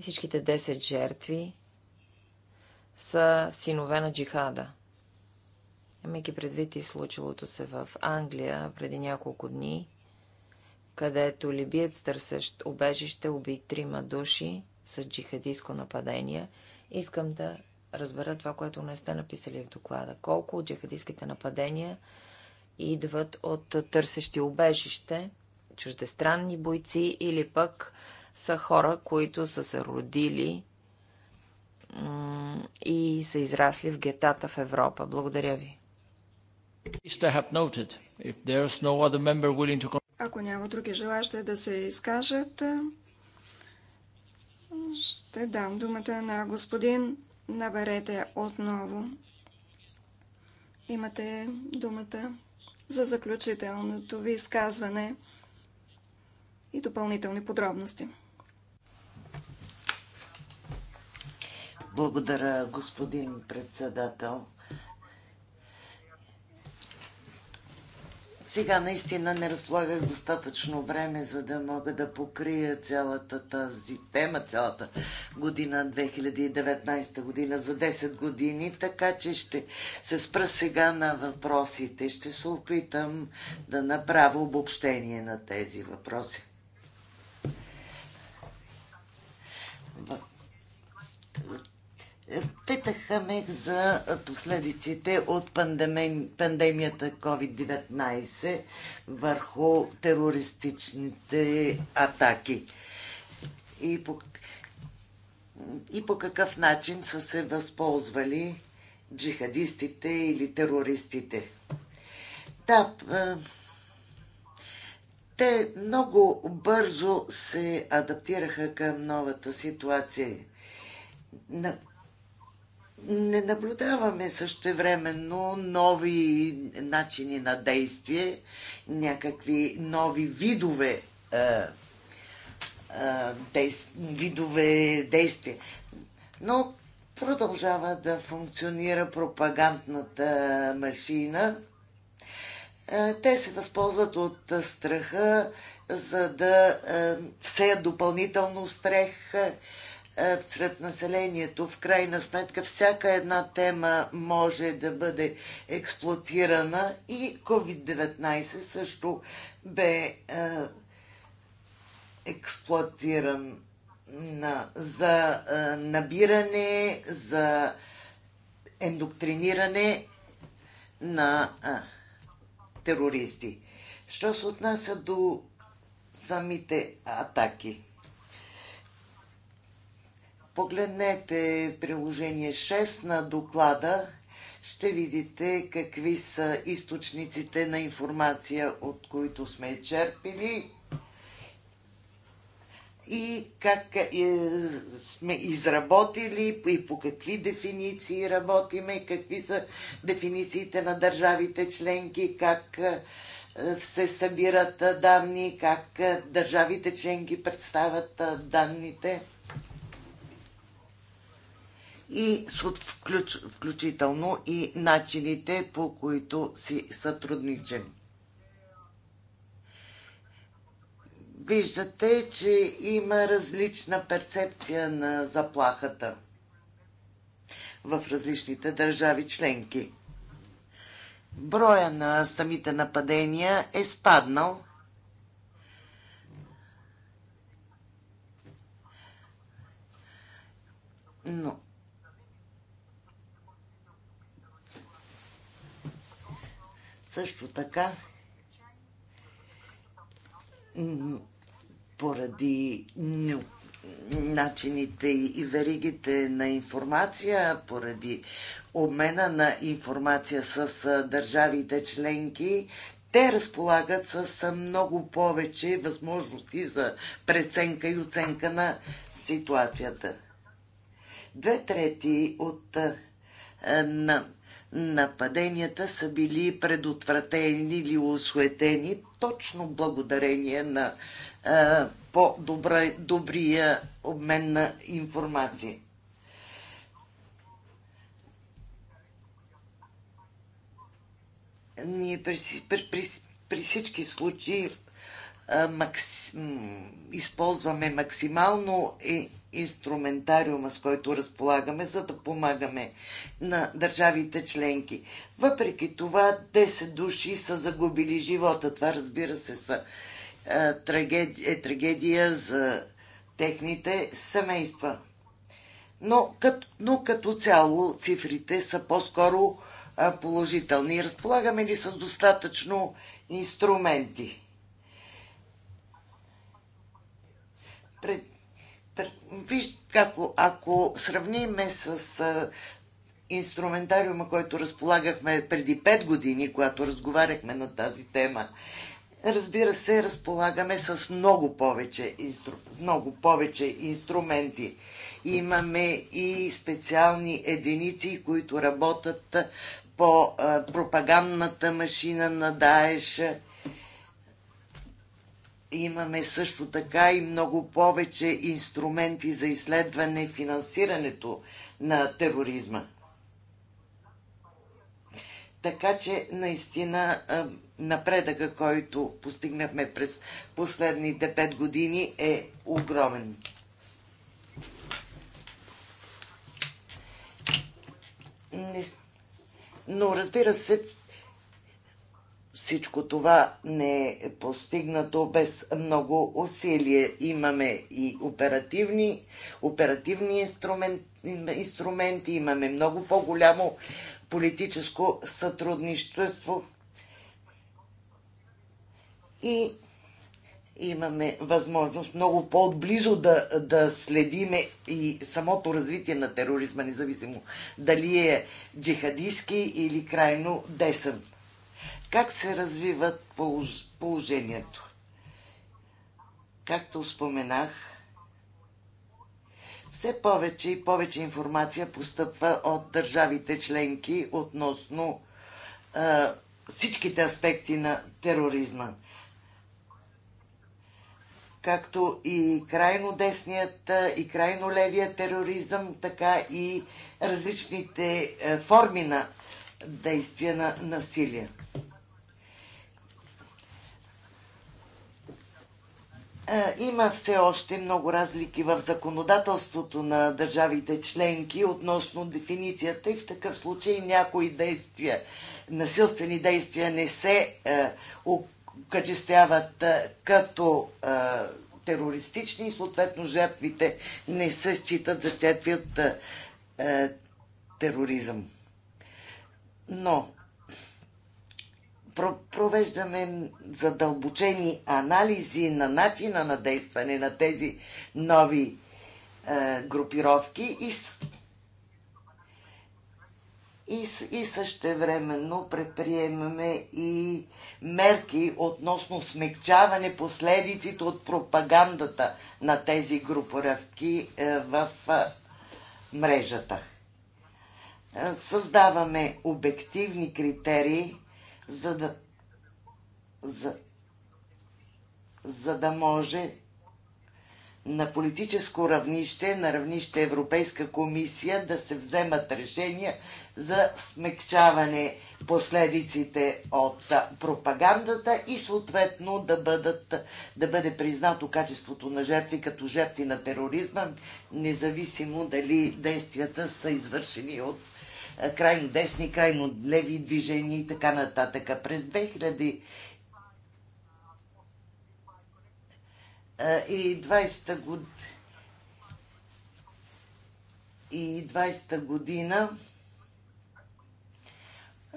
Всичките 10 жертви са синове на джихада имайки предвид и случилото се в Англия преди няколко дни, където либиец търсещ обежище уби трима души с джихадистско нападение. Искам да разбера това, което не сте написали в доклада. Колко от джихадистските нападения идват от търсещи обежище, чуждестранни бойци или пък са хора, които са се родили и са израсли в гетата в Европа. Благодаря ви. Ако няма други желащи да се изкажат, ще дам думата на господин Наберете отново. Имате думата за заключителното ви изказване и допълнителни подробности. Благодаря, господин председател. Сега наистина не разполагах достатъчно време, за да мога да покрия цялата тази тема, цялата година, 2019 година, за 10 години, така че ще се спра сега на въпросите. Ще се опитам да направя обобщение на тези въпроси. Питаха ме за последиците от пандеми... пандемията COVID-19 върху терористичните атаки и по, и по какъв начин са се възползвали джихадистите или терористите. Да, те много бързо се адаптираха към новата ситуация не наблюдаваме същевременно нови начини на действие, някакви нови видове, е, е, видове действия. Но продължава да функционира пропагандната машина. Е, те се възползват от страха, за да всеят допълнително стрех е, сред населението. В крайна сметка всяка една тема може да бъде експлуатирана и COVID-19 също бе е, експлуатиран за е, набиране, за ендоктриниране на терористи. Що се отнася до самите атаки? погледнете приложение 6 на доклада, ще видите какви са източниците на информация, от които сме черпили и как е, сме изработили и по какви дефиниции работиме, какви са дефинициите на държавите членки, как е, се събират данни, как е, държавите членки представят данните и включ, включително и начините по които си сътрудничим. Виждате, че има различна перцепция на заплахата в различните държави членки. Броя на самите нападения е спаднал. Но Също така, поради начините и веригите на информация, поради обмена на информация с държавите членки, те разполагат с много повече възможности за преценка и оценка на ситуацията. Две трети от на нападенията са били предотвратени или осуетени точно благодарение на по-добрия обмен на информация. Ние при, при, при, при всички случаи а, макс, използваме максимално е, инструментариума, с който разполагаме, за да помагаме на държавите членки. Въпреки това, 10 души са загубили живота. Това, разбира се, са, е, трагедия, е трагедия за техните семейства. Но като, но като цяло цифрите са по-скоро е, положителни. Разполагаме ли с достатъчно инструменти? Пред виж, ако, ако сравниме с а, инструментариума, който разполагахме преди 5 години, когато разговаряхме на тази тема, разбира се, разполагаме с много повече, инстру... много повече инструменти. Имаме и специални единици, които работят по а, пропагандната машина на Даеша Имаме също така и много повече инструменти за изследване финансирането на тероризма. Така че наистина напредъка, който постигнахме през последните пет години е огромен. Но разбира се, всичко това не е постигнато без много усилие. Имаме и оперативни, оперативни инструмент, инструменти, имаме много по-голямо политическо сътрудничество и имаме възможност много по-отблизо да, да следиме и самото развитие на тероризма, независимо дали е джихадистски или крайно десен как се развиват полож... положението. Както споменах, все повече и повече информация постъпва от държавите членки относно а, всичките аспекти на тероризма. Както и крайно десният и крайно левия тероризъм, така и различните форми на действия на насилие. Е, има все още много разлики в законодателството на държавите членки относно дефиницията и в такъв случай някои действия, насилствени действия не се е, окачествяват е, като терористични и съответно жертвите не се считат за четвият тероризъм. Но провеждаме задълбочени анализи на начина на действане на тези нови е, групировки и, и, и същевременно предприемаме и мерки относно смягчаване последиците от пропагандата на тези групировки е, в е, мрежата. Е, създаваме обективни критерии за да, за, за да може на политическо равнище, на равнище Европейска комисия да се вземат решения за смекчаване последиците от пропагандата и съответно да, бъдат, да бъде признато качеството на жертви като жертви на тероризма, независимо дали действията са извършени от е, крайно десни, крайно леви движения и така нататък. През 2000 е, и 20 год... и 20 година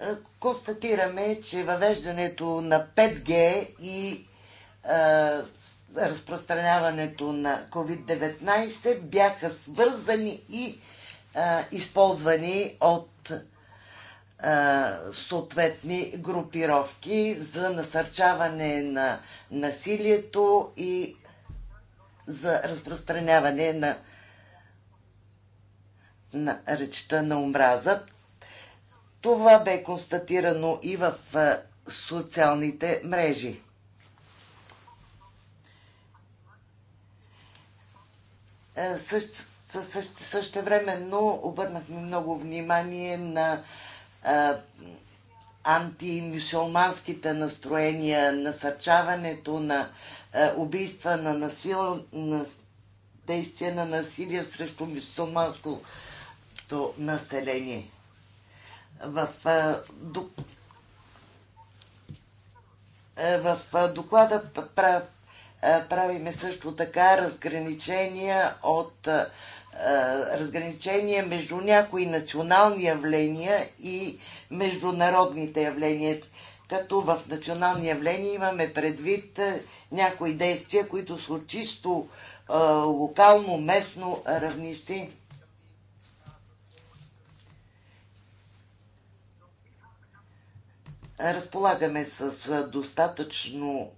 е, констатираме, че въвеждането на 5G и а, разпространяването на COVID-19 бяха свързани и а, използвани от съответни групировки за насърчаване на насилието и за разпространяване на, на речта на омраза. Това бе констатирано и в социалните мрежи. Също Същевременно обърнахме много внимание на антимюсюлманските настроения, насърчаването на убийства, на, насил, на действия на насилие срещу мюсюлманското население. В, в доклада правиме също така разграничения от разграничение между някои национални явления и международните явления. Като в национални явления имаме предвид някои действия, които са чисто локално, местно равнище. Разполагаме с достатъчно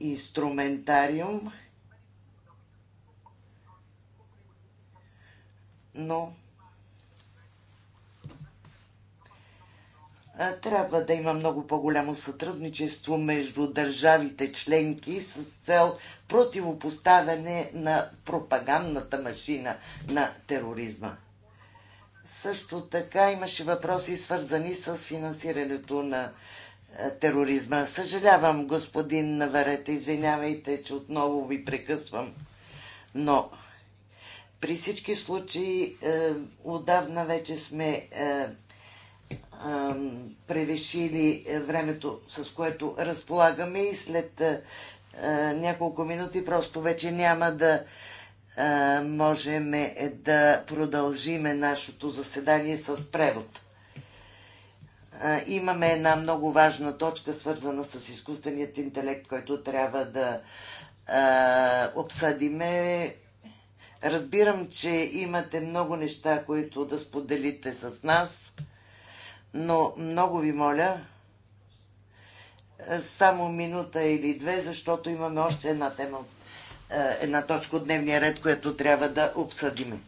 инструментариум – но трябва да има много по-голямо сътрудничество между държавите членки с цел противопоставяне на пропагандната машина на тероризма. Също така имаше въпроси свързани с финансирането на тероризма. Съжалявам, господин Наварете, извинявайте, че отново ви прекъсвам, но при всички случаи е, отдавна вече сме е, е, превишили времето, с което разполагаме и след е, е няколко минути просто вече няма да е, можем да продължиме нашето заседание с превод. Е, имаме една много важна точка, свързана с изкуственият интелект, който трябва да е, обсъдиме Разбирам, че имате много неща, които да споделите с нас, но много ви моля, е, само минута или две, защото имаме още една тема, е, една точка от дневния ред, която трябва да обсъдиме.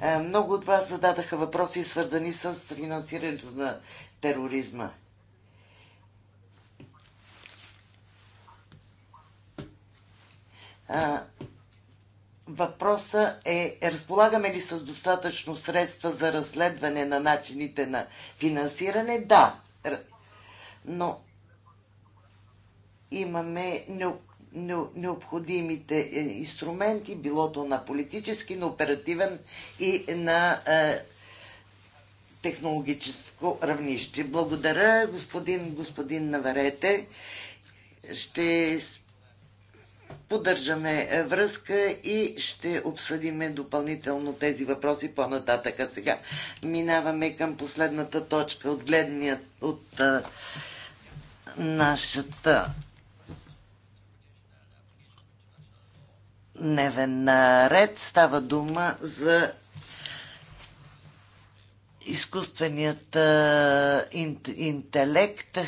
Е, много от вас зададаха въпроси, свързани с финансирането на тероризма. Въпроса е, е, разполагаме ли с достатъчно средства за разследване на начините на финансиране? Да. Но имаме необходимите е, инструменти, билото на политически, на оперативен и на е, технологическо равнище. Благодаря, господин, господин Наварете. Ще поддържаме е, връзка и ще обсъдиме допълнително тези въпроси по-нататъка. Сега минаваме към последната точка от гледния от а, е, нашата дневен ред. Става дума за изкуственият а, е, интелект.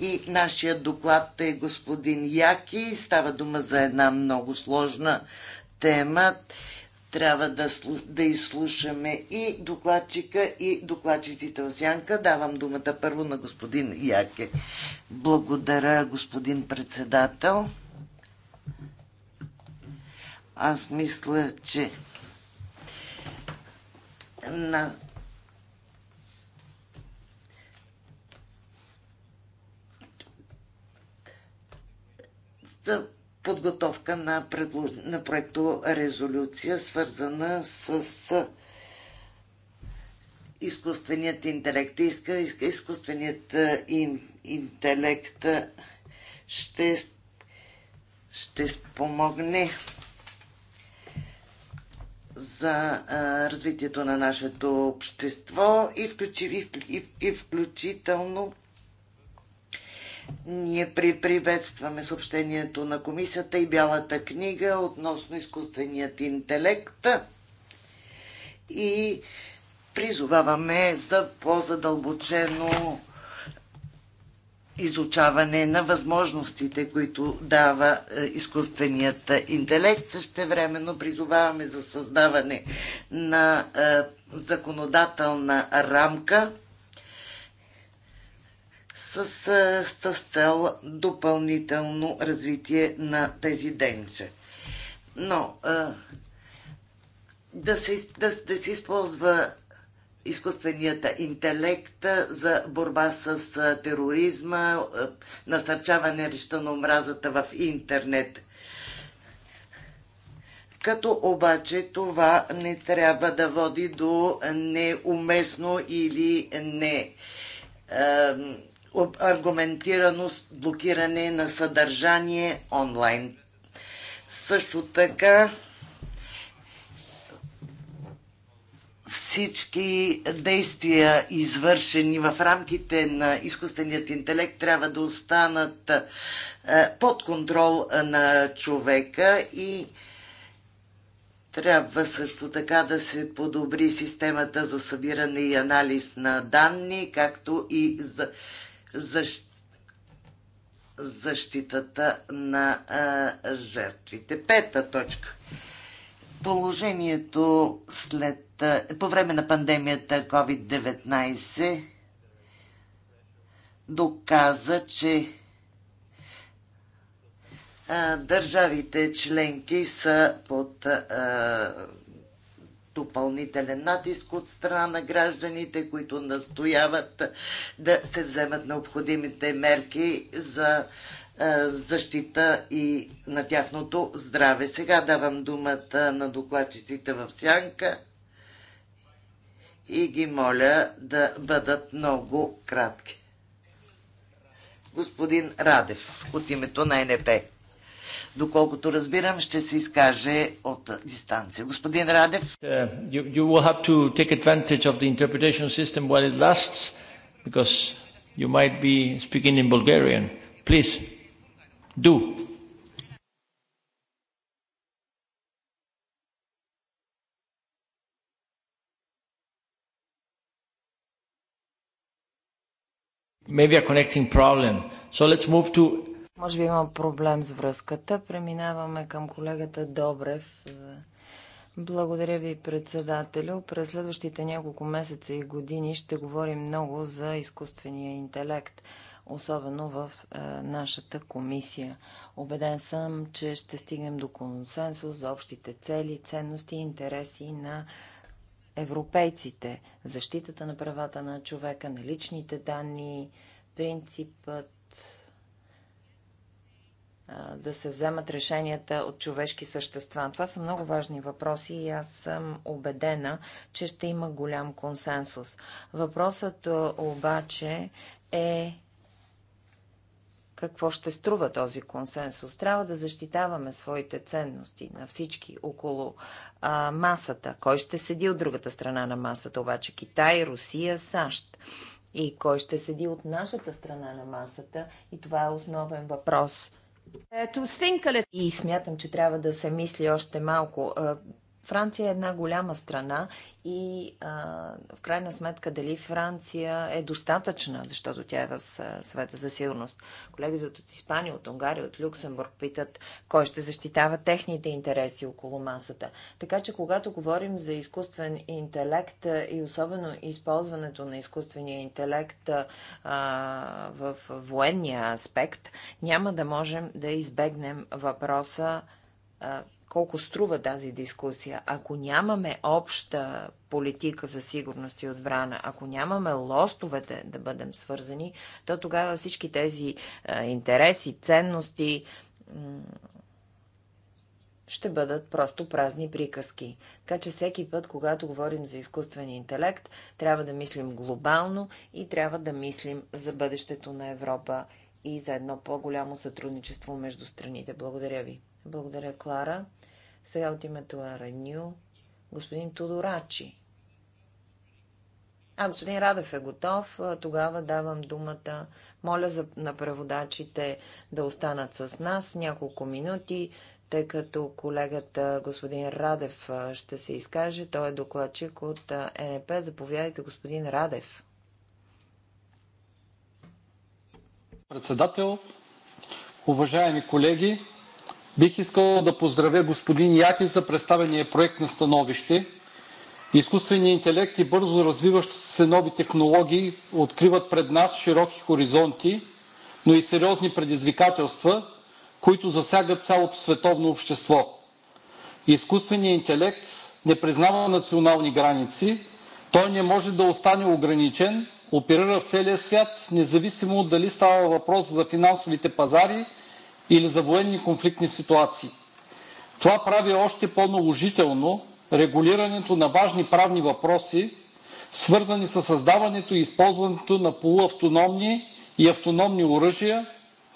И нашия доклад е господин Яки. Става дума за една много сложна тема. Трябва да, да изслушаме и докладчика, и докладчиците в сянка. Давам думата първо на господин Яки. Благодаря, господин председател. Аз мисля, че на подготовка на, предло... на проекто резолюция, свързана с изкуственият интелект. Иска, изкуственият ин, интелект ще, ще спомогне за а, развитието на нашето общество и, включи, и, в... и включително ние при приветстваме съобщението на комисията и бялата книга относно изкуственият интелект и призоваваме за по-задълбочено изучаване на възможностите, които дава е, изкуственият интелект. времено призоваваме за създаване на е, законодателна рамка – с, с, с цел допълнително развитие на тези дейности. Но а, да, се, да, да се използва изкуственията интелект за борба с тероризма, насърчаване речта на омразата в интернет. Като обаче това не трябва да води до неуместно или не аргументирано блокиране на съдържание онлайн. Също така всички действия, извършени в рамките на изкуственият интелект, трябва да останат е, под контрол е, на човека и трябва също така да се подобри системата за събиране и анализ на данни, както и за защ... защитата на а, жертвите. Пета точка. Положението след, по време на пандемията COVID-19 доказа, че държавите членки са под а, допълнителен натиск от страна на гражданите, които настояват да се вземат необходимите мерки за е, защита и на тяхното здраве. Сега давам думата на докладчиците в Сянка и ги моля да бъдат много кратки. Господин Радев от името на НП доколкото разбирам, ще се изкаже от дистанция. Господин Радев. Uh, you, you will have to take advantage of the interpretation system while it lasts, because you might be speaking in Bulgarian. Please, do. maybe a connecting problem. So let's move to може би има проблем с връзката. Преминаваме към колегата Добрев. За... Благодаря ви, председателю. През следващите няколко месеца и години ще говорим много за изкуствения интелект, особено в е, нашата комисия. Обеден съм, че ще стигнем до консенсус за общите цели, ценности и интереси на европейците, защитата на правата на човека, на личните данни, принципът да се вземат решенията от човешки същества. Това са много важни въпроси и аз съм убедена, че ще има голям консенсус. Въпросът обаче е какво ще струва този консенсус. Трябва да защитаваме своите ценности на всички около а, масата. Кой ще седи от другата страна на масата, обаче Китай, Русия, САЩ. И кой ще седи от нашата страна на масата? И това е основен въпрос. И смятам, че трябва да се мисли още малко. Франция е една голяма страна и а, в крайна сметка дали Франция е достатъчна, защото тя е в съвета за сигурност. Колегите от Испания, от Унгария, от Люксембург питат кой ще защитава техните интереси около масата. Така че когато говорим за изкуствен интелект и особено използването на изкуствения интелект а, в военния аспект, няма да можем да избегнем въпроса а, колко струва тази дискусия. Ако нямаме обща политика за сигурност и отбрана, ако нямаме лостовете да бъдем свързани, то тогава всички тези а, интереси, ценности ще бъдат просто празни приказки. Така че всеки път, когато говорим за изкуствен интелект, трябва да мислим глобално и трябва да мислим за бъдещето на Европа и за едно по-голямо сътрудничество между страните. Благодаря ви. Благодаря, Клара. Сега от името Араню, господин Тодорачи. А, господин Радев е готов. Тогава давам думата. Моля за, на преводачите да останат с нас няколко минути, тъй като колегата господин Радев ще се изкаже. Той е докладчик от НП. Заповядайте, господин Радев. Председател, уважаеми колеги, Бих искал да поздравя господин Яки за представения проект на становище. Изкуственият интелект и бързо развиващите се нови технологии откриват пред нас широки хоризонти, но и сериозни предизвикателства, които засягат цялото световно общество. Изкуственият интелект не признава национални граници, той не може да остане ограничен, оперира в целия свят, независимо дали става въпрос за финансовите пазари или за военни конфликтни ситуации. Това прави още по-наложително регулирането на важни правни въпроси, свързани с създаването и използването на полуавтономни и автономни оръжия,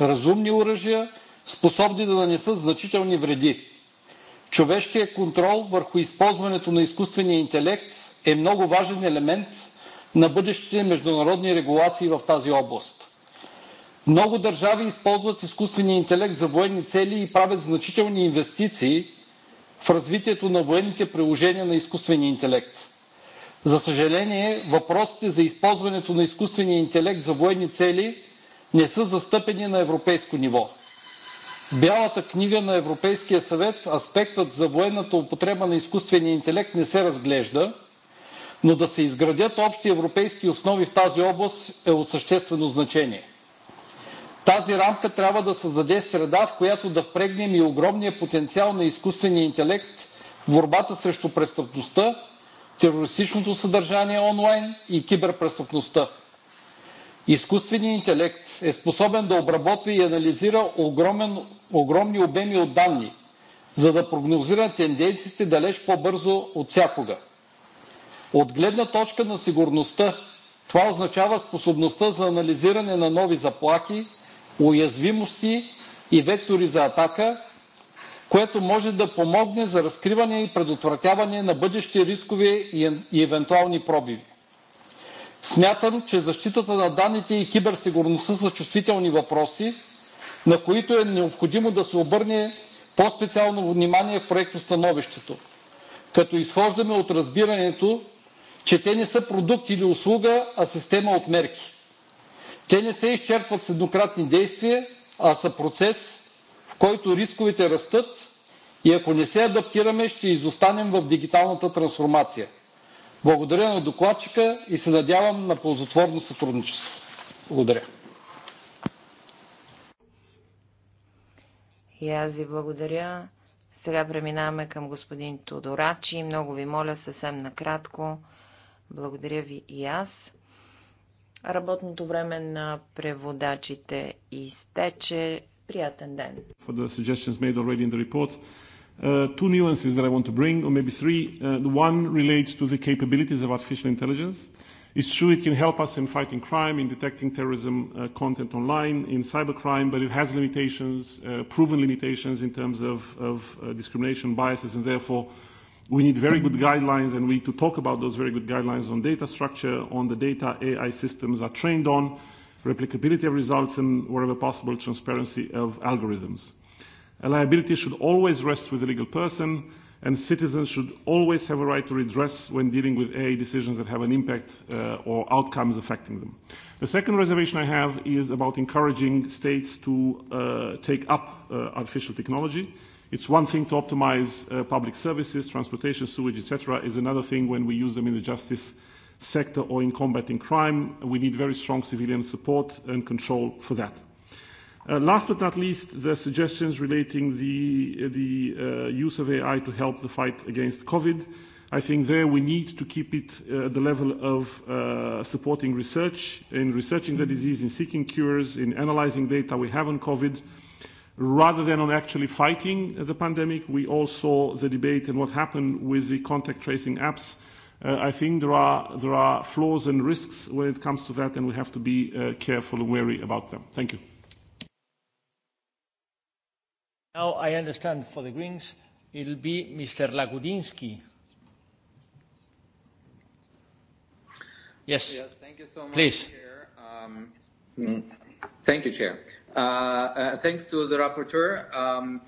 разумни оръжия, способни да нанесат значителни вреди. Човешкият контрол върху използването на изкуствения интелект е много важен елемент на бъдещите международни регулации в тази област. Много държави използват изкуствения интелект за военни цели и правят значителни инвестиции в развитието на военните приложения на изкуствения интелект. За съжаление, въпросите за използването на изкуствения интелект за военни цели не са застъпени на европейско ниво. Бялата книга на Европейския съвет аспектът за военната употреба на изкуствения интелект не се разглежда, но да се изградят общи европейски основи в тази област е от съществено значение. Тази рамка трябва да създаде среда, в която да впрегнем и огромния потенциал на изкуствения интелект в борбата срещу престъпността, терористичното съдържание онлайн и киберпрестъпността. Изкуственият интелект е способен да обработва и анализира огромен, огромни обеми от данни, за да прогнозира тенденциите далеч по-бързо от всякога. От гледна точка на сигурността, това означава способността за анализиране на нови заплахи, уязвимости и вектори за атака, което може да помогне за разкриване и предотвратяване на бъдещи рискове и евентуални пробиви. Смятам, че защитата на данните и киберсигурността са чувствителни въпроси, на които е необходимо да се обърне по-специално внимание в проектостановището, като изхождаме от разбирането, че те не са продукт или услуга, а система от мерки. Те не се изчерпват с еднократни действия, а са процес, в който рисковете растат и ако не се адаптираме, ще изостанем в дигиталната трансформация. Благодаря на докладчика и се надявам на ползотворно сътрудничество. Благодаря. И аз ви благодаря. Сега преминаваме към господин Тодорачи. Много ви моля съвсем накратко. Благодаря ви и аз. Работното време на преводачите изтече. Приятен ден! For the suggestions made already in the report, uh, two nuances that I want to bring, or maybe three. Uh, the one relates to the capabilities of artificial intelligence. It's true it can help us in fighting crime, in detecting terrorism uh, content online, in cybercrime, but it has limitations, uh, proven limitations in terms of, of uh, discrimination biases, and therefore we need very good guidelines and we need to talk about those very good guidelines on data structure, on the data AI systems are trained on, replicability of results and wherever possible transparency of algorithms. A liability should always rest with the legal person and citizens should always have a right to redress when dealing with AI decisions that have an impact uh, or outcomes affecting them. The second reservation I have is about encouraging states to uh, take up uh, artificial technology It's one thing to optimize uh, public services, transportation, sewage, etc. is another thing when we use them in the justice sector or in combating crime. We need very strong civilian support and control for that. Uh, last but not least, the suggestions relating the, the uh, use of AI to help the fight against COVID. I think there we need to keep it uh, at the level of uh, supporting research, in researching the disease, in seeking cures, in analyzing data we have on COVID, uh, Rather than on actually fighting the pandemic, we all saw the debate and what happened with the contact tracing apps. Uh, I think there are, there are flaws and risks when it comes to that, and we have to be uh, careful and wary about them. Thank you. Now I understand for the Greens it'll be Mr. Lagudinsky. Yes. Yes, thank you so much, Please. Chair. Um, thank you, Chair. Uh, uh, thanks to the rapporteur. Um,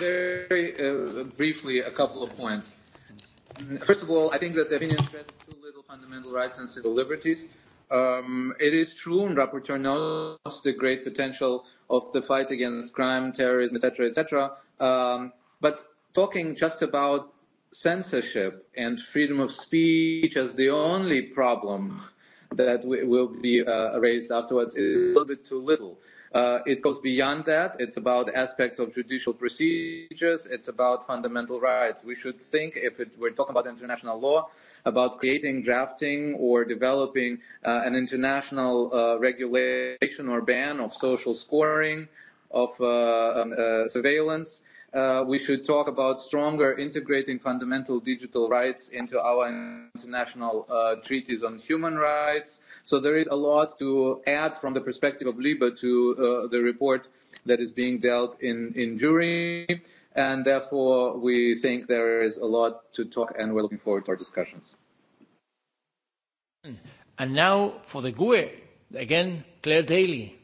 very uh, briefly, a couple of points. First of all, I think that the opinion stresses too little fundamental rights and civil liberties. Um, it is true, and rapporteur knows the great potential of the fight against crime, terrorism, etc., etc. Um, but talking just about censorship and freedom of speech as the only problem that will be uh, raised afterwards is a little bit too little. Uh, it goes beyond that. It's about aspects of judicial procedures. It's about fundamental rights. We should think, if it, we're talking about international law, about creating, drafting, or developing uh, an international uh, regulation or ban of social scoring, of uh, um, uh, surveillance uh, we should talk about stronger integrating fundamental digital rights into our international uh, treaties on human rights. So there is a lot to add from the perspective of LIBA to uh, the report that is being dealt in, in jury. And therefore, we think there is a lot to talk, and we're looking forward to our discussions. And now for the GUE, again, Claire Daly.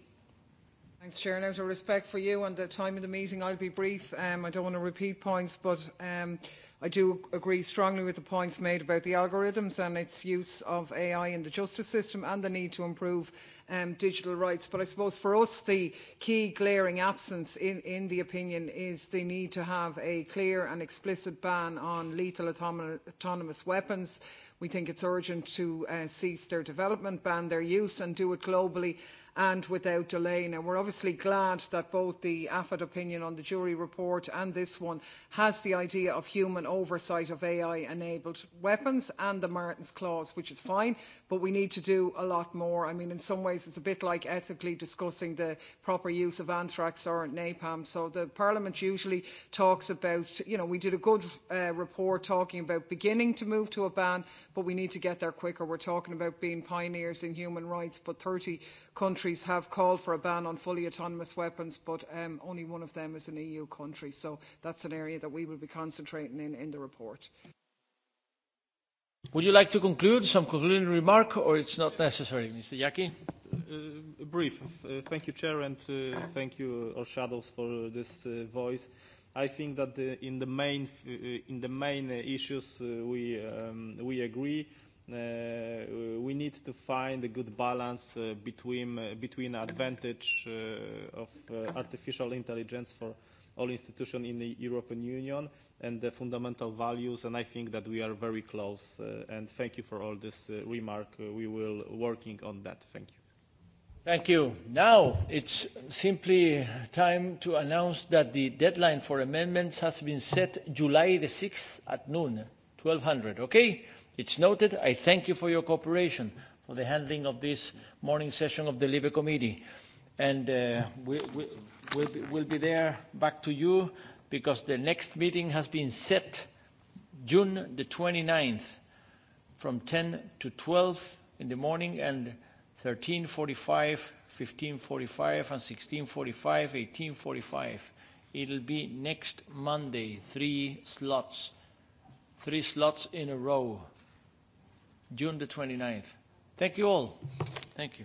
Thanks, Chair. Out of respect for you and the time of the meeting, I'll be brief. Um, I don't want to repeat points, but um, I do agree strongly with the points made about the algorithms and its use of AI in the justice system and the need to improve um, digital rights. But I suppose for us, the key glaring absence in, in the opinion is the need to have a clear and explicit ban on lethal autonomous weapons. We think it's urgent to uh, cease their development, ban their use, and do it globally and without delay. Now, we're obviously glad that both the AFAD opinion on the jury report and this one has the idea of human oversight of AI-enabled weapons and the Martin's Clause, which is fine, but we need to do a lot more. I mean, in some ways, it's a bit like ethically discussing the proper use of anthrax or napalm. So the Parliament usually talks about, you know, we did a good uh, report talking about beginning to move to a ban, but we need to get there quicker. We're talking about being pioneers in human rights, but 30 countries have called for a ban on fully autonomous weapons, but um, only one of them is an EU country. So that's an area that we will be concentrating in in the report. Would you like to conclude some concluding remark, or it's not necessary, Mr. Yaki? Uh, brief. Uh, thank you, Chair, and uh, thank you, all shadows, for this uh, voice. I think that the, in the main uh, in the main issues uh, we um, we agree. Uh, we need to find a good balance uh, between uh, between advantage uh, of uh, artificial intelligence for all institutions in the European Union and the fundamental values. And I think that we are very close. Uh, and thank you for all this uh, remark. Uh, we will working on that. Thank you. Thank you. Now it's simply time to announce that the deadline for amendments has been set July the 6th at noon, 1200. Okay? It's noted. I thank you for your cooperation for the handling of this morning session of the Libre Committee. And uh, we, we, we'll, be, we'll be there back to you because the next meeting has been set June the 29th from 10 to 12 in the morning and 1345, 1545, and 1645, 1845. It'll be next Monday, three slots, three slots in a row, June the 29th. Thank you all. Thank you.